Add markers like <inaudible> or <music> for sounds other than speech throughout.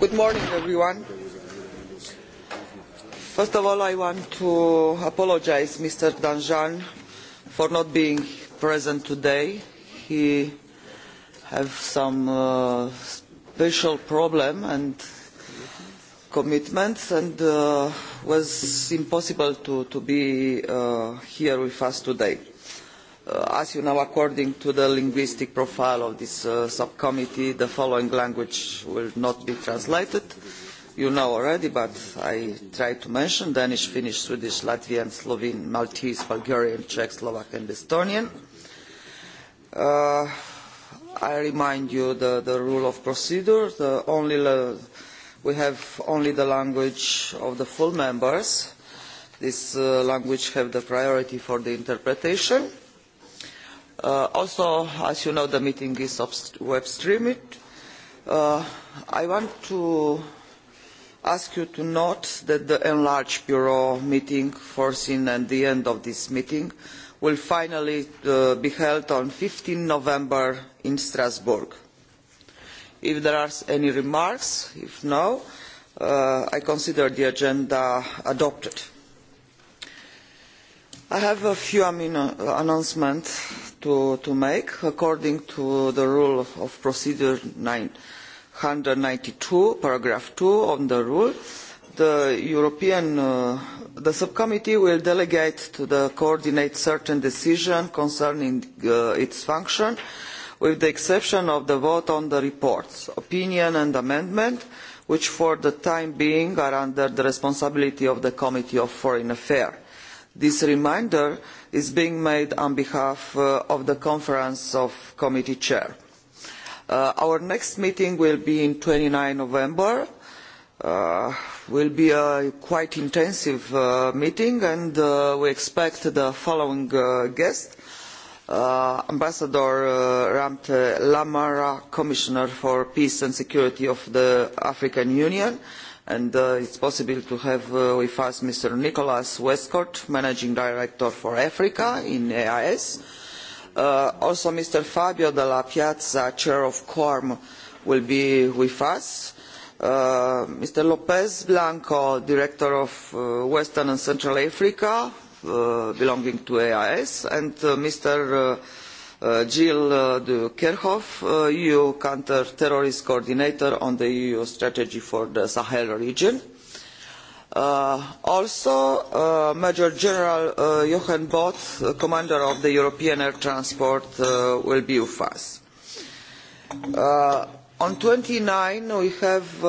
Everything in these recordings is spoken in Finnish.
Good morning, everyone. First of all, I want to apologize Mr. Danjan for not being present today. He has some uh, special problem and commitments and uh, was impossible to, to be uh, here with us today. Uh, as you know, according to the linguistic profile of this uh, subcommittee, the following language will not be translated. You know already, but I try to mention Danish, Finnish, Swedish, Latvian, Slovene, Maltese, Bulgarian, Czech, Slovak and Estonian. Uh, I remind you the, the rule of procedure. The only we have only the language of the full members. This uh, language have the priority for the interpretation Uh, also, as you know, the meeting is web streamed. Uh, I want to ask you to note that the enlarged Bureau meeting foreseen at the end of this meeting will finally uh, be held on 15 November in Strasbourg. If there are any remarks, if no, uh, I consider the agenda adopted. I have a few uh, announcements to, make according to the rule of, of procedure 992, paragraph 2 on the rule. Uh, the subcommittee will delegate to the coordinate certain decision concerning uh, its function, with the exception of the vote on the reports, opinion and amendment, which for the time being are under the responsibility of the Committee on Foreign Affairs This reminder is being made on behalf uh, of the Conference of Committee Chairs. Uh, our next meeting will be on 29 November uh, will be a quite intensive uh, meeting and uh, we expect the following uh, guest uh, Ambassador uh, Ramte Lamara, Commissioner for Peace and Security of the African Union. Uh, and uh, it is possible to have uh, with us Mr. Nicholas Westcott, Managing Director for Africa in AIS. Uh, also, Mr. Fabio Della Piazza, Chair of CORM, will be with us. Uh, Mr. lpez Blanco, Director of Western and Central Africa, belonging to eeas and Mr. Uh, Jill uh, de kerchove uh, EU Counter-Terrorist Coordinator on the EU Strategy for the Sahel Region. Uh, also major general jochen both commander of the european air transport will be with us. on twenty nine we have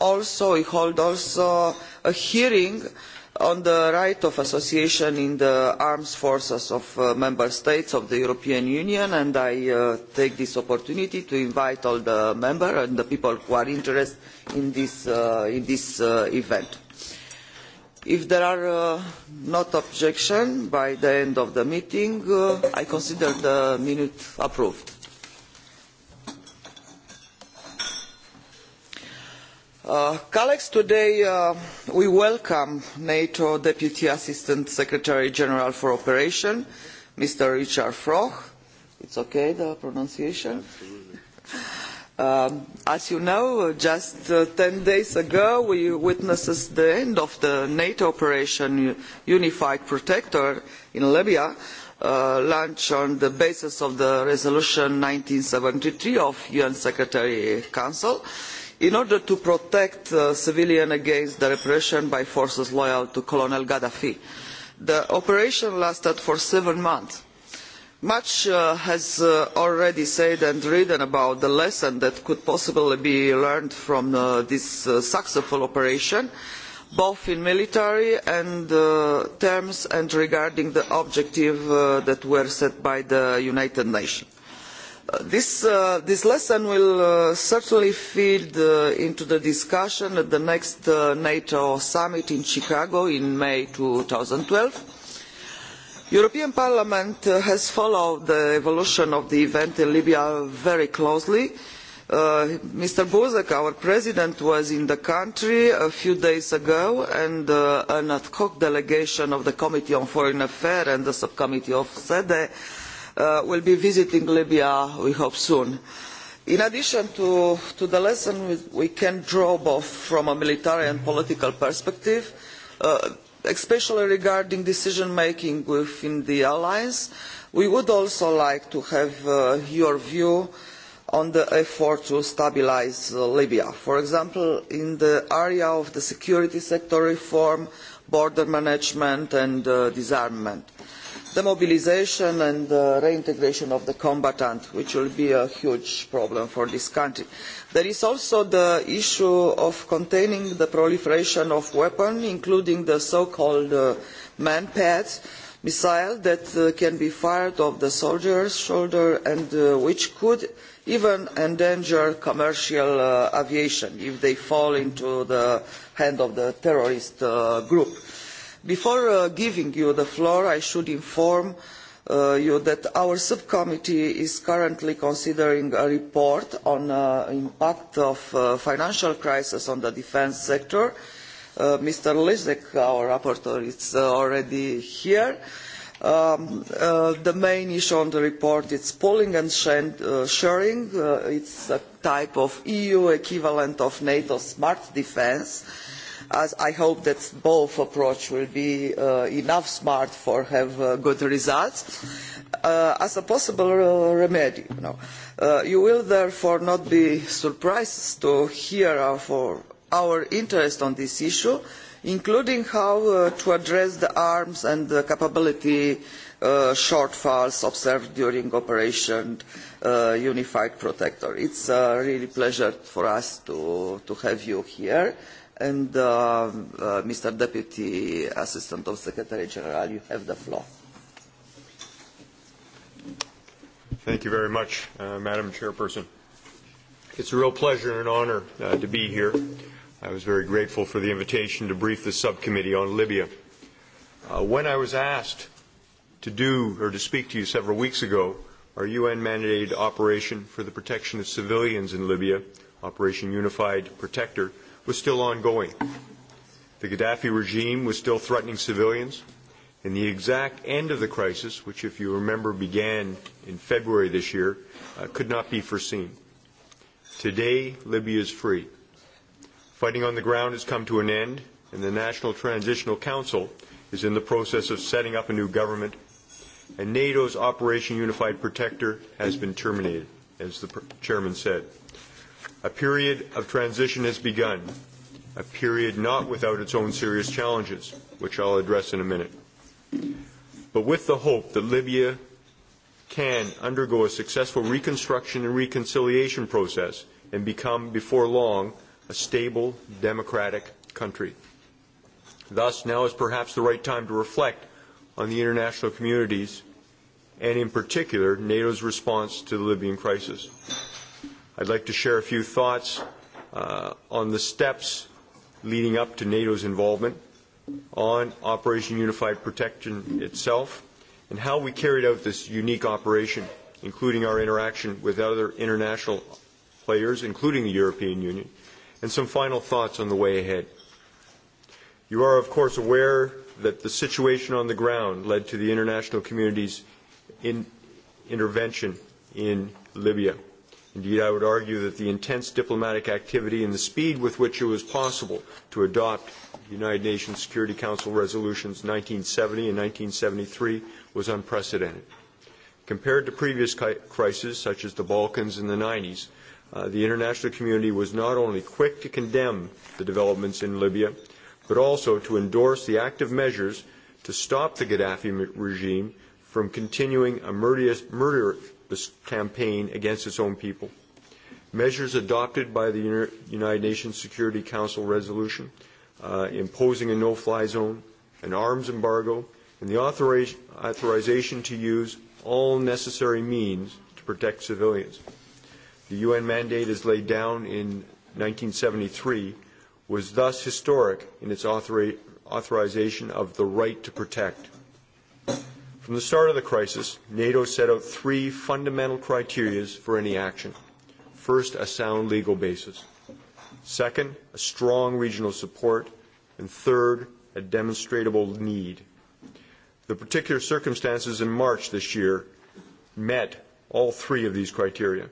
also we hold also a hearing on on the right of association in the armed forces of uh, member states of the european union and i uh, take this opportunity to invite all the members and the people who are interested in this, uh, in this uh, event. if there are uh, no objections by the end of the meeting uh, i consider the minutes approved. Uh, colleagues today uh, we welcome nato deputy assistant secretary general for operations mr richard froch it's okay the pronunciation um, as you know just uh, ten days ago we witnessed the end of the nato operation unified protector in libya launched on the basis of resolution one thousand nine hundred and seventy three of the un secretary council in order to protect uh, civilians against the repression by forces loyal to colonel gaddafi. the operation lasted for seven months. much uh, has uh, already said and written about the lesson that could possibly be learned from uh, this uh, successful operation both in military and, uh, terms and regarding the objectives that were set by the united nations Uh, this, lesson will uh, certainly feed uh, into the discussion at the next uh, nato summit in chicago in may. two thousand and twelve the european parliament uh, has followed the evolution of the event in libya very closely. mr buzek our president was in the country a few days ago and an ad hoc delegation of the committee on foreign affairs and the subcommittee of sede Uh, will be visiting Libya, we hope soon. In addition to, the lesson we can draw both from a military and political perspective, uh, especially regarding decision making within the alliance, we would also like to have uh, your view on the effort to stabilise Libya. For example, in the area of the security sector reform, border management and disarmament the mobilisation and the reintegration of the combatant, which will be a huge problem for this country. There is also the issue of containing the proliferation of weapons, including the so-called uh, man-pads, missiles that uh, can be fired off the soldier's shoulder and uh, which could even endanger commercial uh, aviation if they fall into the hand of the terrorist uh, group before uh, giving you the floor i should inform uh, you that our subcommittee is currently considering a report on the uh, impact of the financial crisis on the defence sector. mr lisek our rapporteur is already here. Um, the main issue on the report is pooling and sharing. it is a type of eu equivalent of nato smart defence' as i hope that both approaches will be uh, enough smart for have uh, good results uh, as a possible remedy. You, will therefore not be surprised to hear our, our interest on this issue including how to address the arms and the capability shortfalls observed during operation unified protector. it is a pleasure for us to, to have you here And uh, uh, Mr. Deputy Assistant of Secretary General, you have the floor. Thank you very much, uh, Madam Chairperson. It's a real pleasure and honor uh, to be here. I was very grateful for the invitation to brief the subcommittee on Libya. Uh, when I was asked to do or to speak to you several weeks ago, our UN mandated operation for the protection of civilians in Libya, Operation Unified Protector, was still ongoing. The Gaddafi regime was still threatening civilians, and the exact end of the crisis, which, if you remember, began in February this year, uh, could not be foreseen. Today, Libya is free. Fighting on the ground has come to an end, and the National Transitional Council is in the process of setting up a new government, and NATO's Operation Unified Protector has been terminated, as the chairman said. A period of transition has begun, a period not without its own serious challenges, which I'll address in a minute. But with the hope that Libya can undergo a successful reconstruction and reconciliation process and become, before long, a stable, democratic country. Thus, now is perhaps the right time to reflect on the international communities and, in particular, NATO's response to the Libyan crisis. I'd like to share a few thoughts uh, on the steps leading up to NATO's involvement, on Operation Unified Protection itself, and how we carried out this unique operation, including our interaction with other international players, including the European Union, and some final thoughts on the way ahead. You are, of course, aware that the situation on the ground led to the international community's in intervention in Libya Indeed, I would argue that the intense diplomatic activity and the speed with which it was possible to adopt United Nations Security Council resolutions 1970 and 1973 was unprecedented. Compared to previous crises, such as the Balkans in the 90s, uh, the international community was not only quick to condemn the developments in Libya, but also to endorse the active measures to stop the Gaddafi regime from continuing a murderous, murder, this campaign against its own people. Measures adopted by the United Nations Security Council resolution uh, imposing a no-fly zone, an arms embargo, and the authorization to use all necessary means to protect civilians. The UN mandate as laid down in 1973 was thus historic in its authori authorization of the right to protect. From the start of the crisis, NATO set out three fundamental criteria for any action. First, a sound legal basis. Second, a strong regional support. And third, a demonstrable need. The particular circumstances in March this year met all three of these criteria.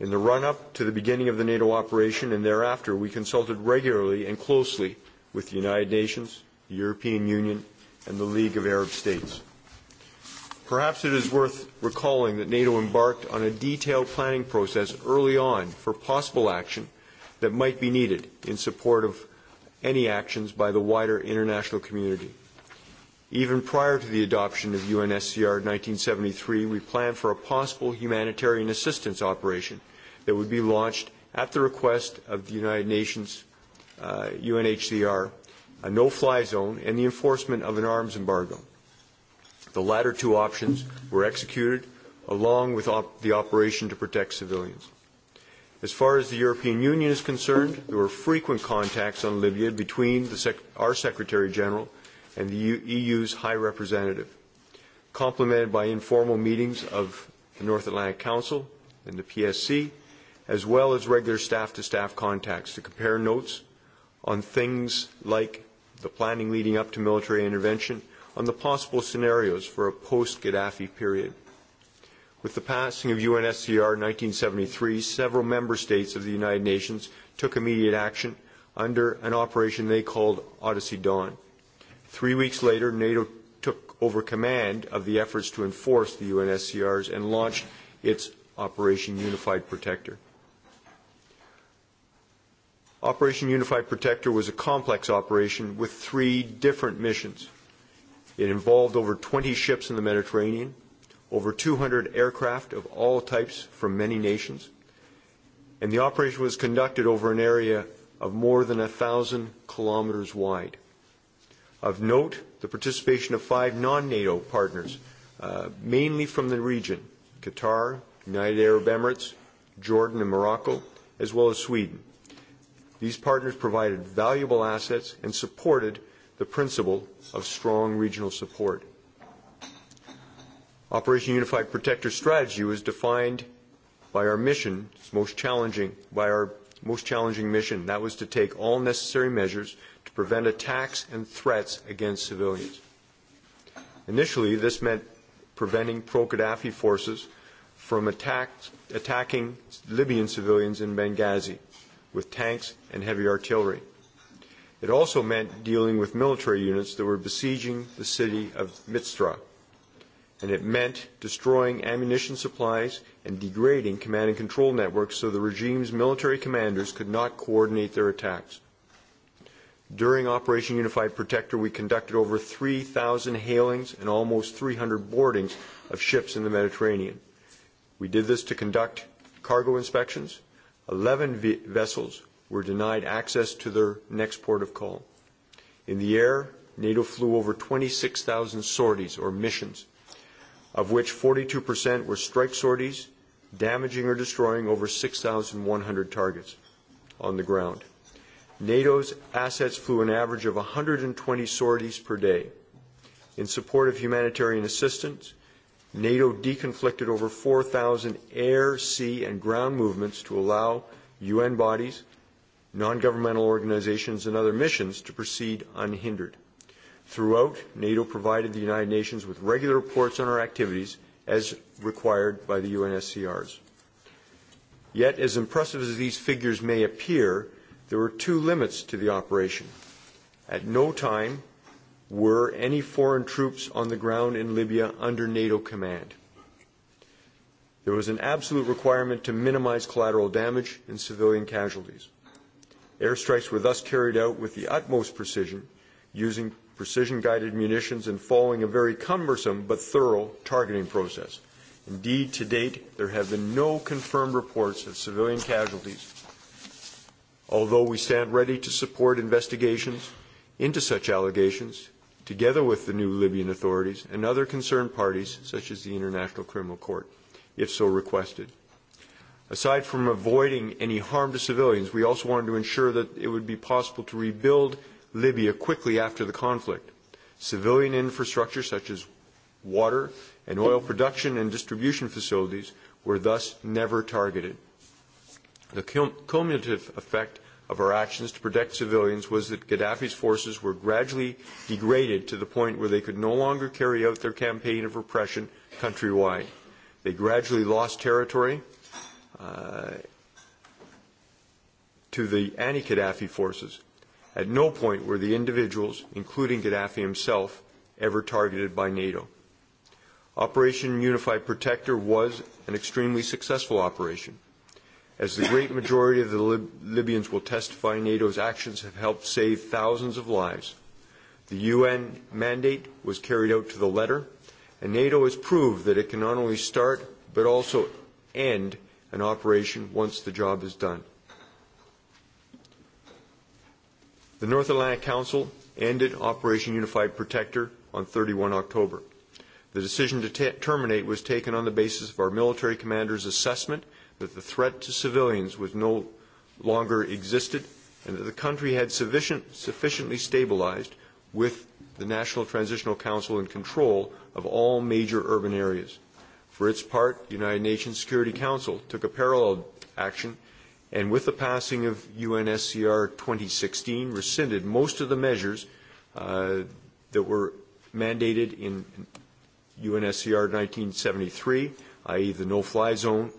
In the run up to the beginning of the NATO operation and thereafter, we consulted regularly and closely with the United Nations, the European Union, and the League of Arab States. Perhaps it is worth recalling that NATO embarked on a detailed planning process early on for possible action that might be needed in support of any actions by the wider international community. Even prior to the adoption of UNSCR 1973, we planned for a possible humanitarian assistance operation that would be launched at the request of the United Nations uh, UNHCR, a no-fly zone, and the enforcement of an arms embargo. The latter two options were executed along with op the operation to protect civilians. As far as the European Union is concerned, there were frequent contacts on Libya between sec our Secretary General and the e U- EU's High Representative, complemented by informal meetings of the North Atlantic Council and the PSC, as well as regular staff-to-staff -staff contacts to compare notes on things like the planning leading up to military intervention on the possible scenarios for a post-Gaddafi period. With the passing of UNSCR in 1973, several member states of the United Nations took immediate action under an operation they called Odyssey Dawn. Three weeks later, NATO took over command of the efforts to enforce the UNSCRs and launched its Operation Unified Protector. Operation Unified Protector was a complex operation with three different missions – It involved over 20 ships in the Mediterranean, over 200 aircraft of all types from many nations, and the operation was conducted over an area of more than 1,000 kilometers wide. Of note, the participation of five non-NATO partners, uh, mainly from the region, Qatar, United Arab Emirates, Jordan and Morocco, as well as Sweden. These partners provided valuable assets and supported the principle of strong regional support. Operation Unified Protector strategy was defined by our mission, most challenging, by our most challenging mission. That was to take all necessary measures to prevent attacks and threats against civilians. Initially, this meant preventing pro-Gaddafi forces from attacks, attacking Libyan civilians in Benghazi with tanks and heavy artillery. It also meant dealing with military units that were besieging the city of Mitzra, and it meant destroying ammunition supplies and degrading command and control networks so the regime's military commanders could not coordinate their attacks. During Operation Unified Protector, we conducted over 3,000 hailings and almost 300 boardings of ships in the Mediterranean. We did this to conduct cargo inspections. 11 vessels were denied access to their next port of call. In the air, NATO flew over 26,000 sorties or missions, of which 42% were strike sorties, damaging or destroying over 6,100 targets on the ground. NATO's assets flew an average of 120 sorties per day. In support of humanitarian assistance, NATO deconflicted over 4,000 air, sea, and ground movements to allow UN bodies non-governmental organizations, and other missions to proceed unhindered. Throughout, NATO provided the United Nations with regular reports on our activities as required by the UNSCRs. Yet, as impressive as these figures may appear, there were two limits to the operation. At no time were any foreign troops on the ground in Libya under NATO command. There was an absolute requirement to minimize collateral damage and civilian casualties. Airstrikes were thus carried out with the utmost precision, using precision-guided munitions and following a very cumbersome but thorough targeting process. Indeed, to date, there have been no confirmed reports of civilian casualties, although we stand ready to support investigations into such allegations, together with the new Libyan authorities and other concerned parties, such as the International Criminal Court, if so requested. Aside from avoiding any harm to civilians, we also wanted to ensure that it would be possible to rebuild Libya quickly after the conflict. Civilian infrastructure such as water and oil production and distribution facilities were thus never targeted. The cumulative effect of our actions to protect civilians was that Gaddafi's forces were gradually degraded to the point where they could no longer carry out their campaign of repression countrywide. They gradually lost territory Uh, to the anti-Gaddafi forces. At no point were the individuals, including Gaddafi himself, ever targeted by NATO. Operation Unified Protector was an extremely successful operation. As the great majority of the Lib- Libyans will testify, NATO's actions have helped save thousands of lives. The UN mandate was carried out to the letter, and NATO has proved that it can not only start but also end an operation once the job is done. The North Atlantic Council ended Operation Unified Protector on 31 October. The decision to t- terminate was taken on the basis of our military commander's assessment that the threat to civilians was no longer existed and that the country had sufficient, sufficiently stabilized with the National Transitional Council in control of all major urban areas. For its part, the United Nations Security Council took a parallel action and with the passing of UNSCR 2016 rescinded most of the measures uh, that were mandated in UNSCR 1973, i.e. the no-fly zone,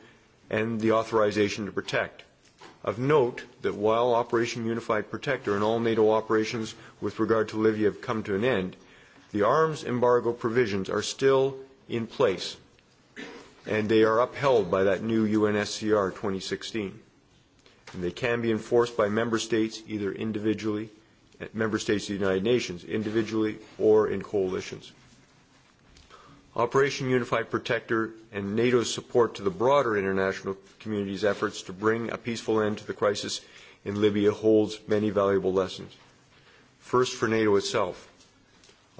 and the authorization to protect. Of note that while Operation Unified Protector and all NATO operations with regard to Libya have come to an end, the arms embargo provisions are still in place and they are upheld by that new UNSCR 2016. And they can be enforced by member states either individually, eh, member states of the United Nations, individually or in coalitions. Operation Unified Protector and NATO's support to the broader international community's efforts to bring a peaceful end to the crisis in Libya holds many valuable lessons. First, for NATO itself.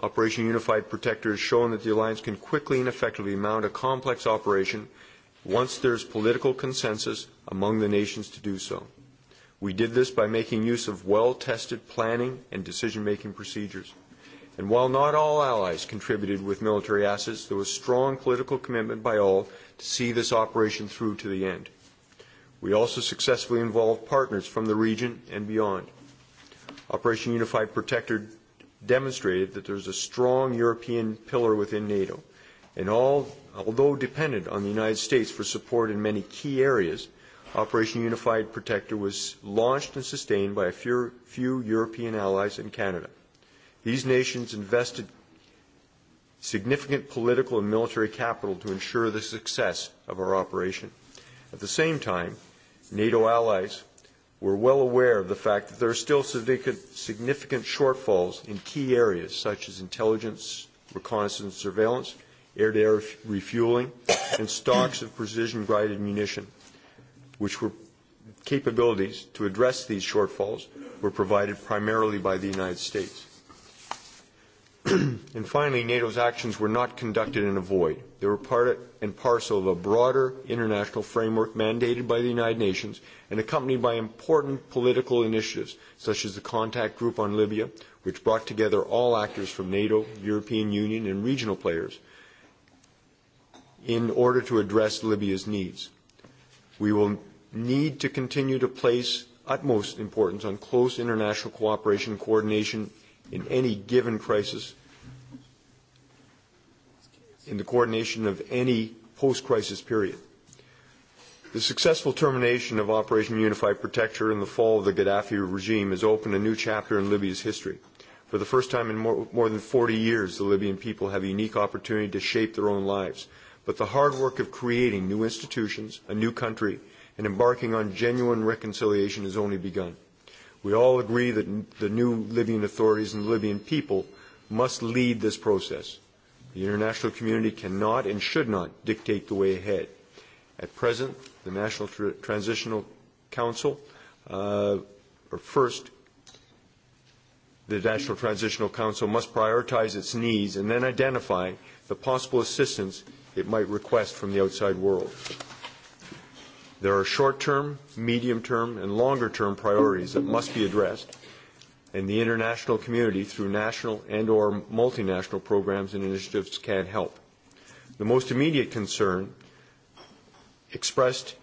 Operation Unified Protector has shown that the alliance can quickly and effectively mount a complex operation once there's political consensus among the nations to do so. We did this by making use of well-tested planning and decision-making procedures. And while not all allies contributed with military assets, there was strong political commitment by all to see this operation through to the end. We also successfully involved partners from the region and beyond. Operation Unified Protector demonstrated that there's a strong European pillar within NATO. And all, although dependent on the United States for support in many key areas, Operation Unified Protector was launched and sustained by a few, few European allies and Canada. These nations invested significant political and military capital to ensure the success of our operation. At the same time, NATO allies we're well aware of the fact that there are still significant shortfalls in key areas such as intelligence, reconnaissance, surveillance, air-to-air refueling, and stocks of precision-guided munition, which were capabilities to address these shortfalls were provided primarily by the United States. <clears throat> and finally, NATO's actions were not conducted in a void. They were part and parcel of a broader international framework mandated by the United Nations and accompanied by important political initiatives, such as the contact group on Libya, which brought together all actors from NATO, European Union, and regional players in order to address Libya's needs. We will need to continue to place utmost importance on close international cooperation and coordination in any given crisis in the coordination of any post-crisis period. The successful termination of Operation Unified Protector and the fall of the Gaddafi regime has opened a new chapter in Libya's history. For the first time in more, more than 40 years, the Libyan people have a unique opportunity to shape their own lives. But the hard work of creating new institutions, a new country, and embarking on genuine reconciliation has only begun. We all agree that the new Libyan authorities and Libyan people must lead this process. The international community cannot and should not dictate the way ahead. At present, the National Tr Transitional Council, uh, or first, the National Transitional Council must prioritize its needs and then identify the possible assistance it might request from the outside world. There are short-term, medium-term, and longer-term priorities that must be addressed and the international community through national and or multinational programs and initiatives can help. The most immediate concern expressed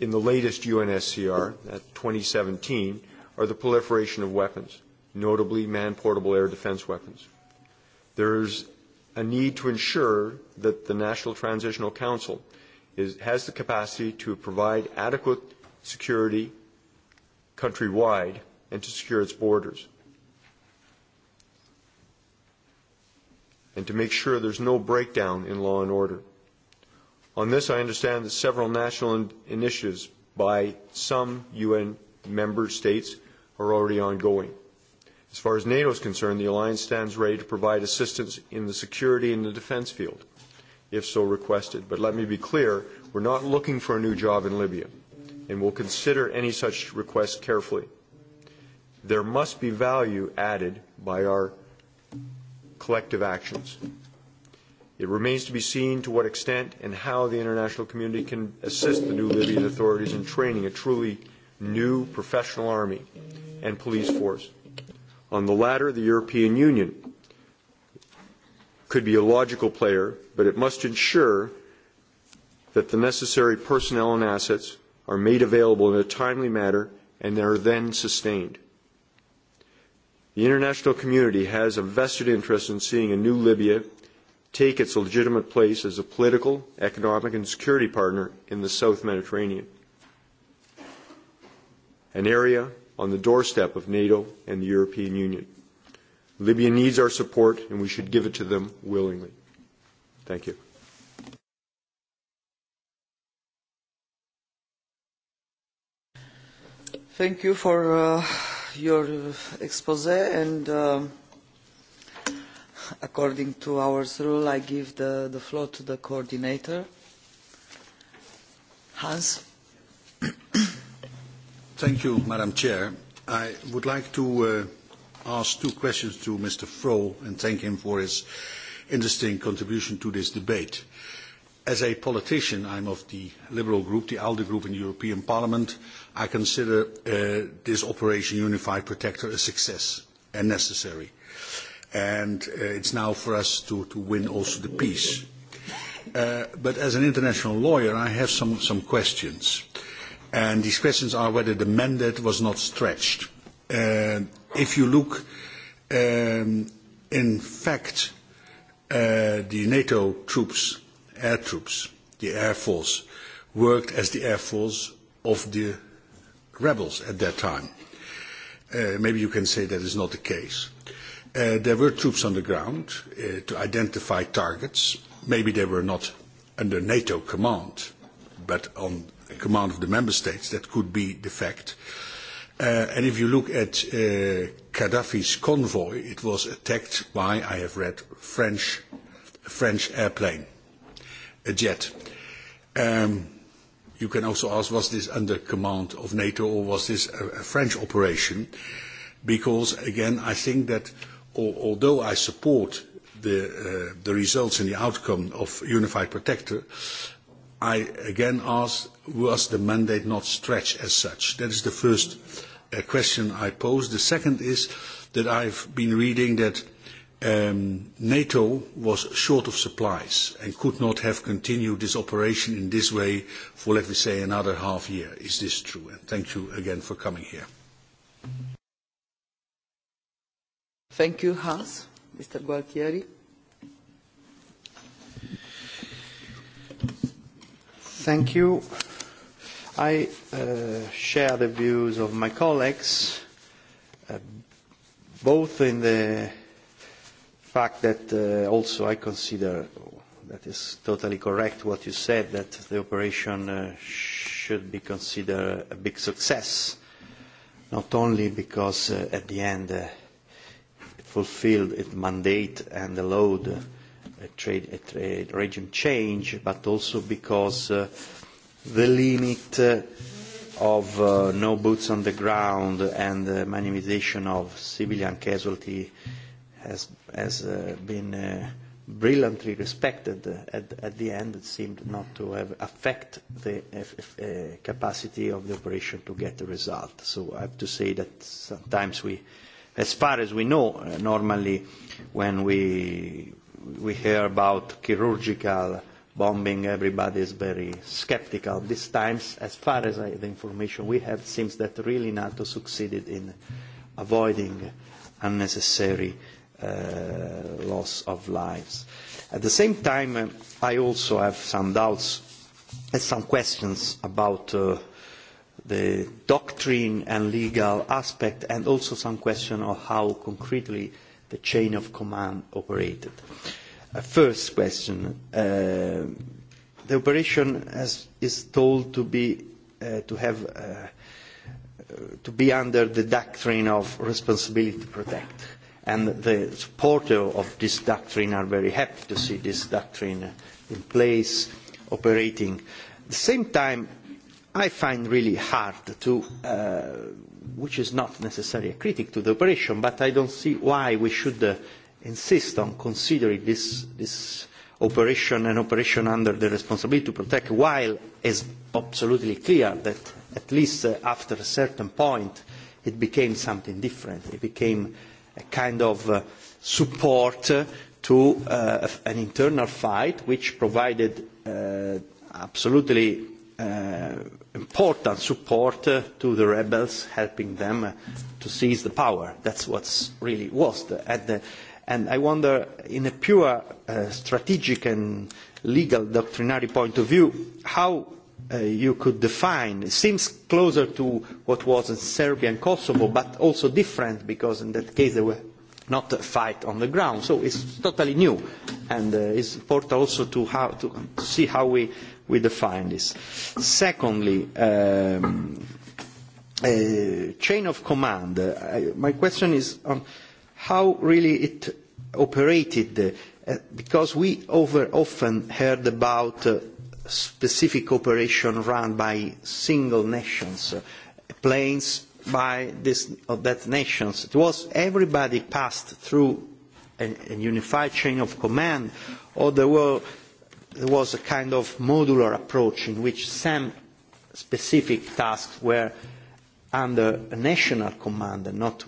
in the latest UNSCR, at 2017, are the proliferation of weapons, notably man-portable air defense weapons. There is a need to ensure that the National Transitional Council is, has the capacity to provide adequate security countrywide and to secure its borders. and to make sure there's no breakdown in law and order. On this, I understand that several national in initiatives by some UN member states are already ongoing. As far as NATO is concerned, the alliance stands ready to provide assistance in the security and the defense field, if so requested. But let me be clear, we're not looking for a new job in Libya, and we'll consider any such request carefully there must be value added by our collective actions. It remains to be seen to what extent and how the international community can assist the new Libyan authorities in training a truly new professional army and police force. On the latter, the European Union could be a logical player, but it must ensure that the necessary personnel and assets are made available in a timely manner and they are then sustained. The international community has a vested interest in seeing a new Libya take its legitimate place as a political, economic, and security partner in the South Mediterranean, an area on the doorstep of NATO and the European Union. Libya needs our support, and we should give it to them willingly. Thank you. Thank you for uh your uh, expose and uh, according to our rule, I give the, the floor to the coordinator. Hans. <coughs> Thank you, Madam Chair. I would like to uh, ask two questions to Mr. Frohl and thank him for his interesting contribution to this debate. As a politician, I'm of the Liberal group, the ALDE group in the European Parliament. I consider uh, this Operation Unified Protector a success and necessary. And uh, it's now for us to, to win also the peace. Uh, but as an international lawyer, I have some, some questions. And these questions are whether the mandate was not stretched. Uh, if you look, um, in fact, uh, the NATO troops air troops, the air force, worked as the air force of the rebels at that time. Uh, maybe you can say that is not the case. Uh, there were troops on the ground uh, to identify targets. Maybe they were not under NATO command, but on command of the member states. That could be the fact. Uh, and if you look at uh, Gaddafi's convoy, it was attacked by, I have read, French, a French airplane a jet. Um, you can also ask, was this under command of NATO or was this a, a French operation? Because, again, I think that al although I support the, uh, the results and the outcome of Unified Protector, I again ask, was the mandate not stretched as such? That is the first uh, question I pose. The second is that I've been reading that Um, NATO was short of supplies and could not have continued this operation in this way for, let me say, another half year. Is this true? And thank you again for coming here. Thank you, Hans. Mr. Gualtieri. Thank you. I uh, share the views of my colleagues, uh, both in the fact that uh, also I consider that is totally correct what you said, that the operation uh, should be considered a big success, not only because uh, at the end uh, it fulfilled its mandate and allowed uh, a trade, a trade regime change, but also because uh, the limit uh, of uh, no boots on the ground and the minimization of civilian casualties has, has uh, been uh, brilliantly respected uh, at, at the end. It seemed not to have affect the uh, capacity of the operation to get the result. So I have to say that sometimes we, as far as we know, uh, normally when we, we hear about chirurgical bombing, everybody is very skeptical. This times, as far as I, the information we have, seems that really NATO succeeded in avoiding unnecessary uh, Uh, loss of lives. At the same time, uh, I also have some doubts and some questions about uh, the doctrine and legal aspect, and also some question of how concretely the chain of command operated. A first question, uh, the operation has, is told to be, uh, to, have, uh, to be under the doctrine of responsibility to protect and the supporter of this doctrine are very happy to see this doctrine in place, operating. At the same time, I find really hard to, uh, which is not necessarily a critic to the operation, but I don't see why we should uh, insist on considering this, this operation an operation under the responsibility to protect, while it is absolutely clear that at least uh, after a certain point it became something different. It became a kind of uh, support uh, to uh, an internal fight which provided uh, absolutely uh, important support uh, to the rebels, helping them uh, to seize the power. That's what really was. The, at the, and I wonder, in a pure uh, strategic and legal doctrinary point of view, how uh, you could define. It seems closer to what was in Serbia and Kosovo, but also different because in that case there were not a fight on the ground. So it's totally new, and uh, it's important also to, how, to see how we, we define this. Secondly, um, uh, chain of command. Uh, my question is on how really it operated, uh, because we over often heard about uh, specific operation run by single nations, uh, planes by this of uh, that nations. It was everybody passed through a, a unified chain of command, or there were there was a kind of modular approach in which some specific tasks were under a national command and not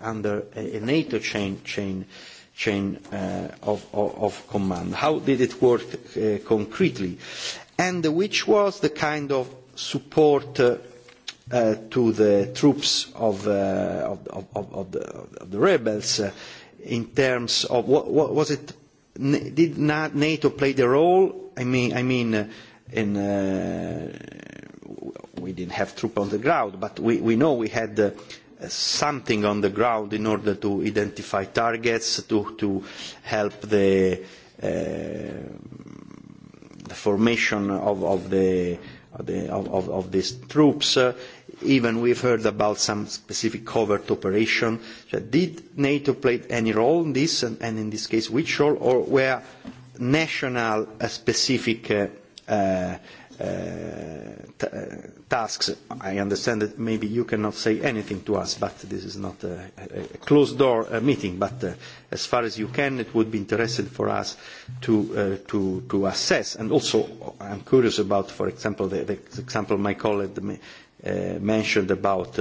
under a NATO chain. chain. Uh, chain uh, of, of, of command. How did it work uh, concretely? And which was the kind of support uh, uh, to the troops of, uh, of, of, of, the, of the rebels uh, in terms of what, what was it? Did not NATO play the role? I mean, I mean, uh, in uh, we didn't have troops on the ground, but we, we know we had. Uh, something on the ground in order to identify targets, to, to help the, uh, the formation of, of, the, of, the, of, of these troops. Uh, even we've heard about some specific covert operation. So did NATO play any role in this, and, and in this case which role, or were national uh, specific uh, uh, Uh, uh, tasks. I understand that maybe you cannot say anything to us, but this is not a, a closed-door uh, meeting. But uh, as far as you can, it would be interesting for us to, uh, to, to assess. And also, I'm curious about, for example, the, the example my colleague uh, mentioned about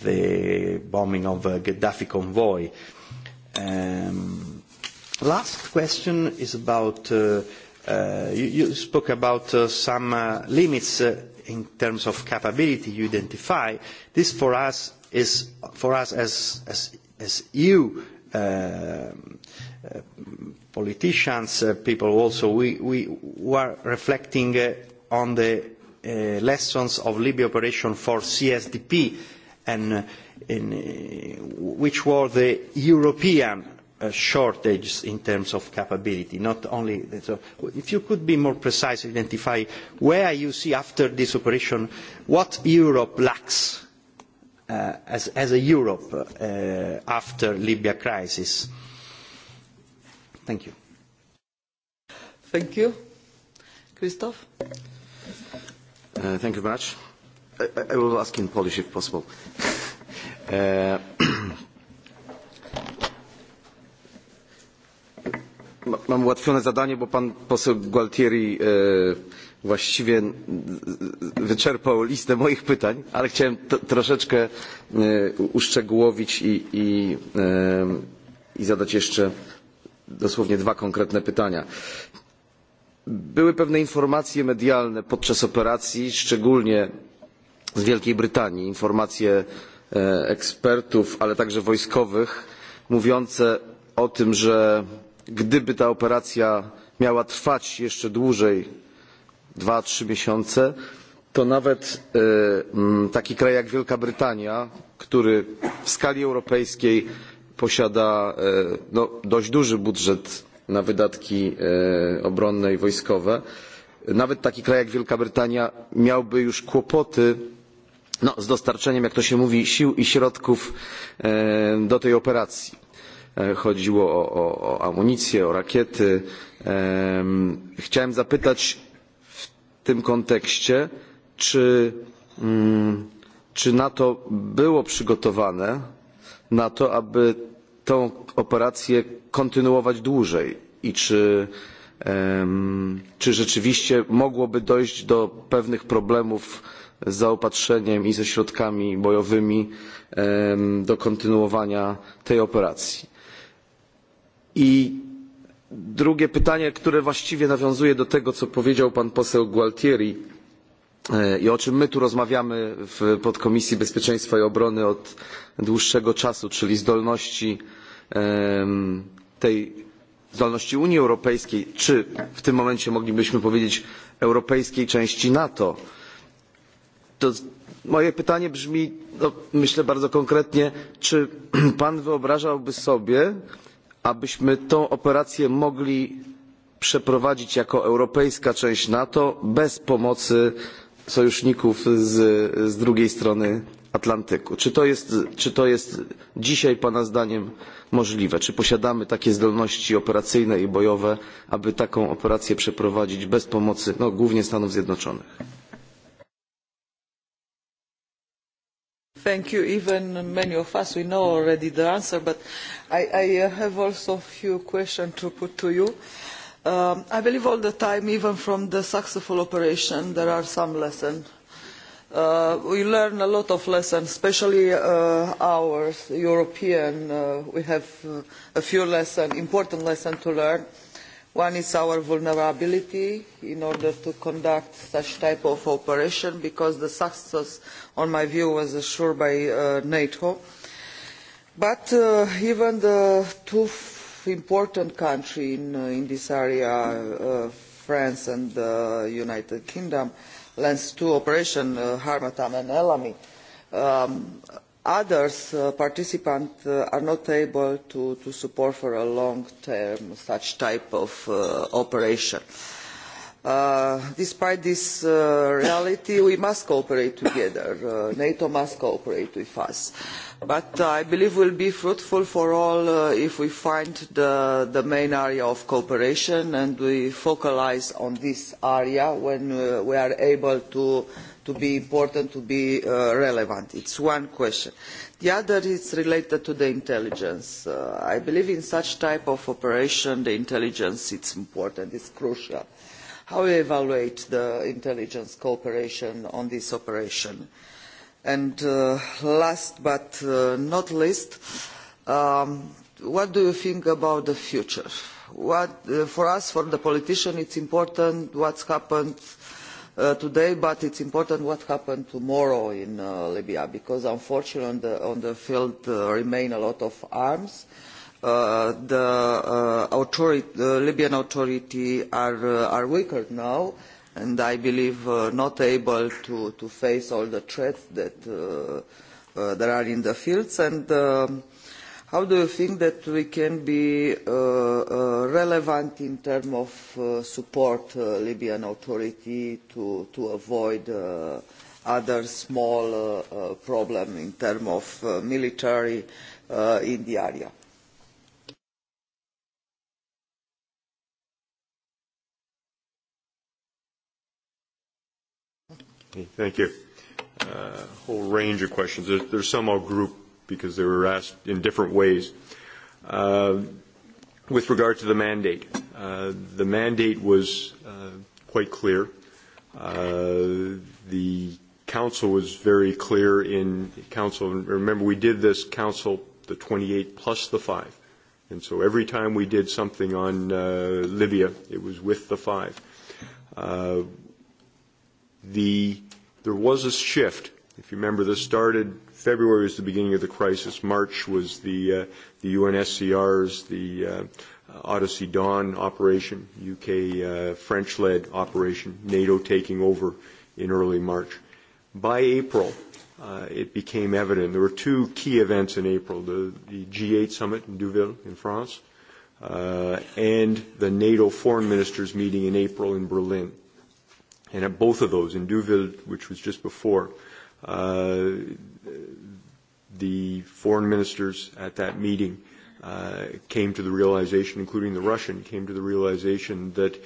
the bombing of a Gaddafi convoy. Um, last question is about Uh, you, you spoke about uh, some uh, limits uh, in terms of capability you identify. This for us is for us as as, as EU uh, uh, politicians, uh, people also we we were reflecting uh, on the uh, lessons of Libya operation for CSDP and uh, in, uh, which were the European Uh, shortages in terms of capability, not only. So if you could be more precise, identify where you see after this operation what Europe lacks uh, as, as a Europe uh, after Libya crisis. Thank you. Thank you. Christoph? Uh, thank you very much. I, I will ask in Polish if possible. <laughs> Uh, <clears throat> mam ułatwione zadanie, bo pan poseł Gualtieri e, właściwie wyczerpał listę moich pytań, ale chciałem troszeczkę e, uszczegółowić i, i, e, i zadać jeszcze dosłownie dwa konkretne pytania. Były pewne informacje medialne podczas operacji, szczególnie z Wielkiej Brytanii, informacje ekspertów, ale także wojskowych, mówiące o tym, że gdyby ta operacja miała trwać jeszcze dłużej dwa trzy miesiące to nawet e, taki kraj jak wielka brytania który w skali europejskiej posiada e, no, dość duży budżet na wydatki e, obronne i wojskowe nawet taki kraj jak wielka brytania miałby już kłopoty no, z dostarczeniem jak to się mówi sił i środków do tej operacji E, chodziło o, o, o amunicję, o rakiety. Chciałem zapytać w tym kontekście, czy, mm, czy NATO było przygotowane na to, aby tę operację kontynuować dłużej i czy, czy rzeczywiście mogłoby dojść do pewnych problemów z zaopatrzeniem i ze środkami bojowymi do kontynuowania tej operacji. I drugie pytanie, które właściwie nawiązuje do tego, co powiedział pan poseł Gualtieri e, i o czym my tu rozmawiamy w podkomisji bezpieczeństwa i obrony od dłuższego czasu, czyli zdolności tej zdolności Unii Europejskiej, czy w tym momencie moglibyśmy powiedzieć europejskiej części NATO. To moje pytanie brzmi, no, myślę bardzo konkretnie, czy <clears throat> pan wyobrażałby sobie, abyśmy tę operację mogli przeprowadzić jako europejska część nato bez pomocy sojuszników z, drugiej strony atlantyku. Czy to, jest, dzisiaj pana zdaniem możliwe? czy posiadamy takie zdolności operacyjne i bojowe aby taką operację przeprowadzić bez pomocy no, głównie stanów zjednoczonych? Thank you. Even many of us, we know already the answer, but I, I uh, have also a few questions to put to you. Um, I believe all the time, even from the successful operation, there are some lessons. Uh, we learn a lot of lessons, especially uh, ours, European. Uh, we have uh, a few lessons, important lessons to learn. Uh, One is our vulnerability in order to conduct such type of operation because the success, on my view, was assured by uh, NATO. But uh, even the two important countries in, uh, in, this area, uh, France and the United Kingdom, launched two operations, uh, Harmatam and Elami. Um, others uh, participants uh, are not able to, to, support for a long term such type of uh, operation. Uh, despite this reality, we must cooperate together. NATO must cooperate with us. But I believe it will be fruitful for all if we find the, the, main area of cooperation and we focalise on this area when we are able to to be important, to be uh, relevant. It's one question. The other is related to the intelligence. Uh, I believe in such type of operation, the intelligence is important, it's crucial. How you evaluate the intelligence cooperation on this operation? And uh, last but uh, not least, um, what do you think about the future? What, uh, for us, for the politician, it's important what's happened uh, Uh, today, but it is important what happens tomorrow in uh, Libya, because unfortunately on the, field uh, remain a lot of arms. Uh, the Libyan authorities are, weaker now, and I believe not able to, face all the threats that there are in the fields. And um, how do you think that we can be uh, uh, relevant in terms of uh, support uh, Libyan authority to, to avoid uh, other small uh, uh, problem in terms of uh, military uh, in the area? Thank you. A uh, whole range of questions. There's, there's some I'll group because they were asked in different ways. Uh, with regard to the mandate, uh, the mandate was uh, quite clear. Uh, the council was very clear in council. remember, we did this council the 28 plus the five, and so every time we did something on uh, Libya, it was with the five. Uh, the there was a shift. If you remember, this started February was the beginning of the crisis. March was the, uh, the UNSCR's, the uh, Odyssey Dawn operation, UK uh, French led operation, NATO taking over in early March. By April, uh, it became evident. There were two key events in April the, the G8 summit in Deauville in France uh, and the NATO foreign ministers meeting in April in Berlin. And at both of those, in Deauville, which was just before, uh, uh, the foreign ministers at that meeting uh, came to the realization, including the Russian, came to the realization that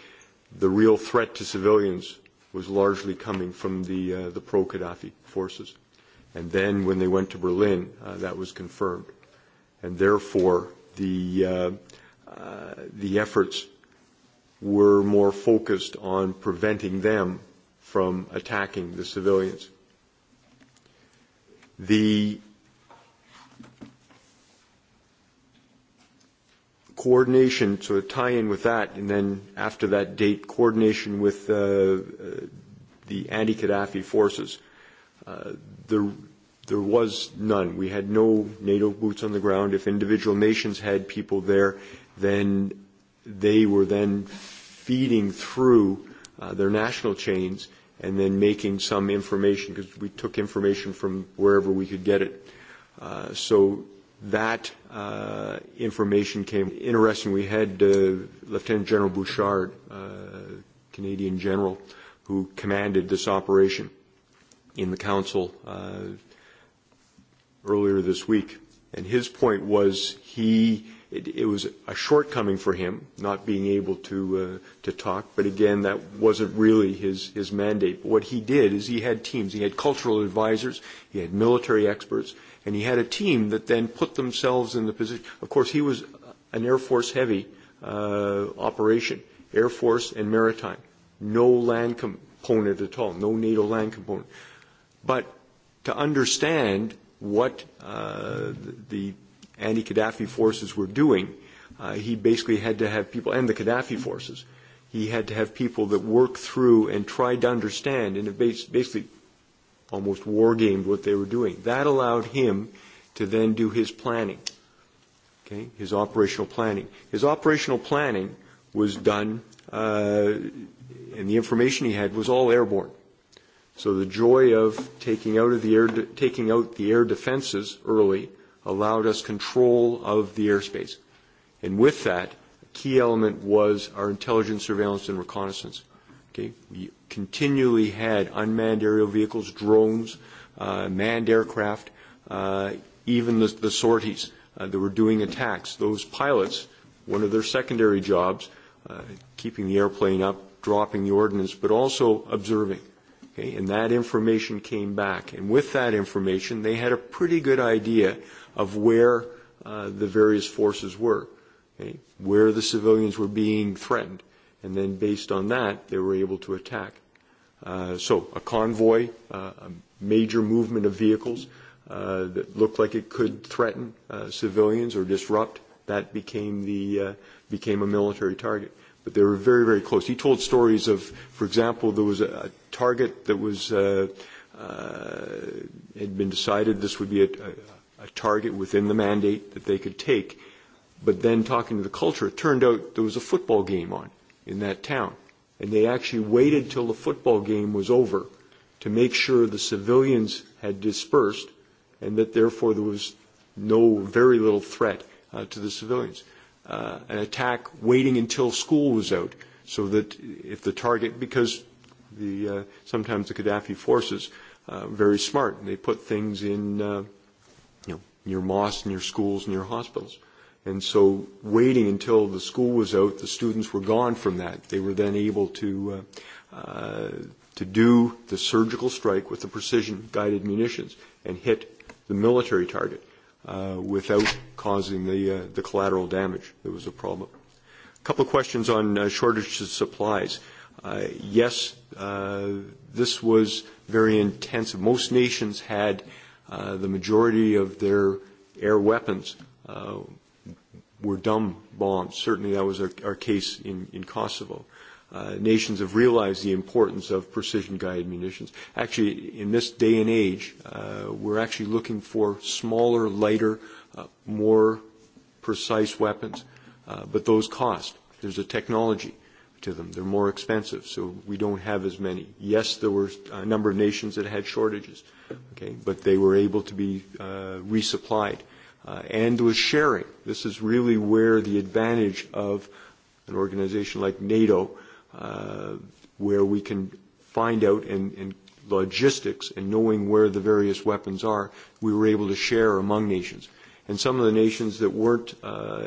the real threat to civilians was largely coming from the, uh, the pro-Qaddafi forces. And then when they went to Berlin, uh, that was confirmed. And therefore, the, uh, uh, the efforts were more focused on preventing them from attacking the civilians The coordination, so tie in with that, and then after that date, coordination with uh, the anti-Qaddafi forces. Uh, there, there was none. We had no NATO boots on the ground. If individual nations had people there, then they were then feeding through uh, their national chains and then making some information because we took information from wherever we could get it. Uh, so that uh, information came interesting. We had uh, Lieutenant General Bouchard, uh, Canadian general, who commanded this operation in the council uh, earlier this week, and his point was he it, it was a shortcoming for him not being able to uh, to talk. But again, that wasn't really his his mandate. But what he did is he had teams. He had cultural advisors. He had military experts, and he had a team that then put themselves in the position. Of course, he was an Air Force heavy uh, operation, Air Force and maritime, no land component at all, no NATO land component. But to understand what uh, the anti Qaddafi forces were doing, uh, he basically had to have people, and the Qaddafi forces, he had to have people that worked through and tried to understand and basically almost war gamed what they were doing. That allowed him to then do his planning, okay, his operational planning. His operational planning was done, uh, and the information he had was all airborne. So the joy of taking out of the air, de- taking out the air defenses early, allowed us control of the airspace. And with that, a key element was our intelligence, surveillance, and reconnaissance. Okay? We continually had unmanned aerial vehicles, drones, uh, manned aircraft, uh, even the, the sorties uh, that were doing attacks. Those pilots, one of their secondary jobs, uh, keeping the airplane up, dropping the ordnance, but also observing. Okay, and that information came back. And with that information, they had a pretty good idea of where uh, the various forces were, okay, where the civilians were being threatened. And then based on that, they were able to attack. Uh, so a convoy, uh, a major movement of vehicles uh, that looked like it could threaten uh, civilians or disrupt, that became, the, uh, became a military target but they were very, very close. He told stories of, for example, there was a, a target that was uh, uh, had been decided this would be a, a, a target within the mandate that they could take, but then talking to the culture, it turned out there was a football game on in that town, and they actually waited till the football game was over to make sure the civilians had dispersed, and that therefore there was no very little threat uh, to the civilians. Uh, uh, an attack waiting until school was out, so that if the target, because the uh, sometimes the Gaddafi forces uh, very smart, and they put things in uh, you know near mosques, near schools, near hospitals. And so, waiting until the school was out, the students were gone from that. They were then able to uh, uh, to do the surgical strike with the precision guided munitions and hit the military target uh, without causing the, uh, the collateral damage that was a problem. A couple of questions on uh, shortage of supplies. Uh, yes, uh, this was very intensive. Most nations had uh, the majority of their air weapons uh, were dumb bombs. Certainly that was our, our case in, in Kosovo. Uh, Uh, nations have realized the importance of precision-guided munitions. Actually, in this day and age, uh, we're actually looking for smaller, lighter, uh, more precise weapons, uh, but those cost. There's a technology to them. They're more expensive, so we don't have as many. Yes, there were a number of nations that had shortages, okay, but they were able to be uh, resupplied. Uh, and was sharing. This is really where the advantage of an organization like NATO Uh, where we can find out and, and logistics and knowing where the various weapons are, we were able to share among nations. And some of the nations that weren't uh,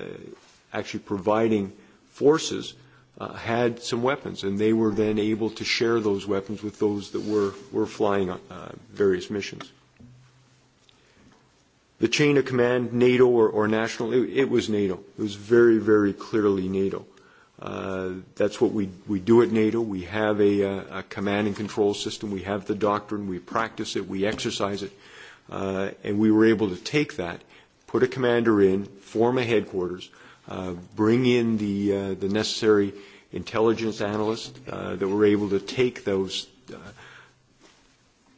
actually providing forces uh, had some weapons, and they were then able to share those weapons with those that were, were flying uh, various missions. The chain of command, NATO or, or national, it, it was NATO. It was very, very clearly NATO. Uh, that's what we, we do at NATO. We have a, uh, a command and control system. We have the doctrine. We practice it. We exercise it. Uh, and we were able to take that, put a commander in, form a headquarters, uh, bring in the, uh, the necessary intelligence analysts uh, that were able to take those, uh,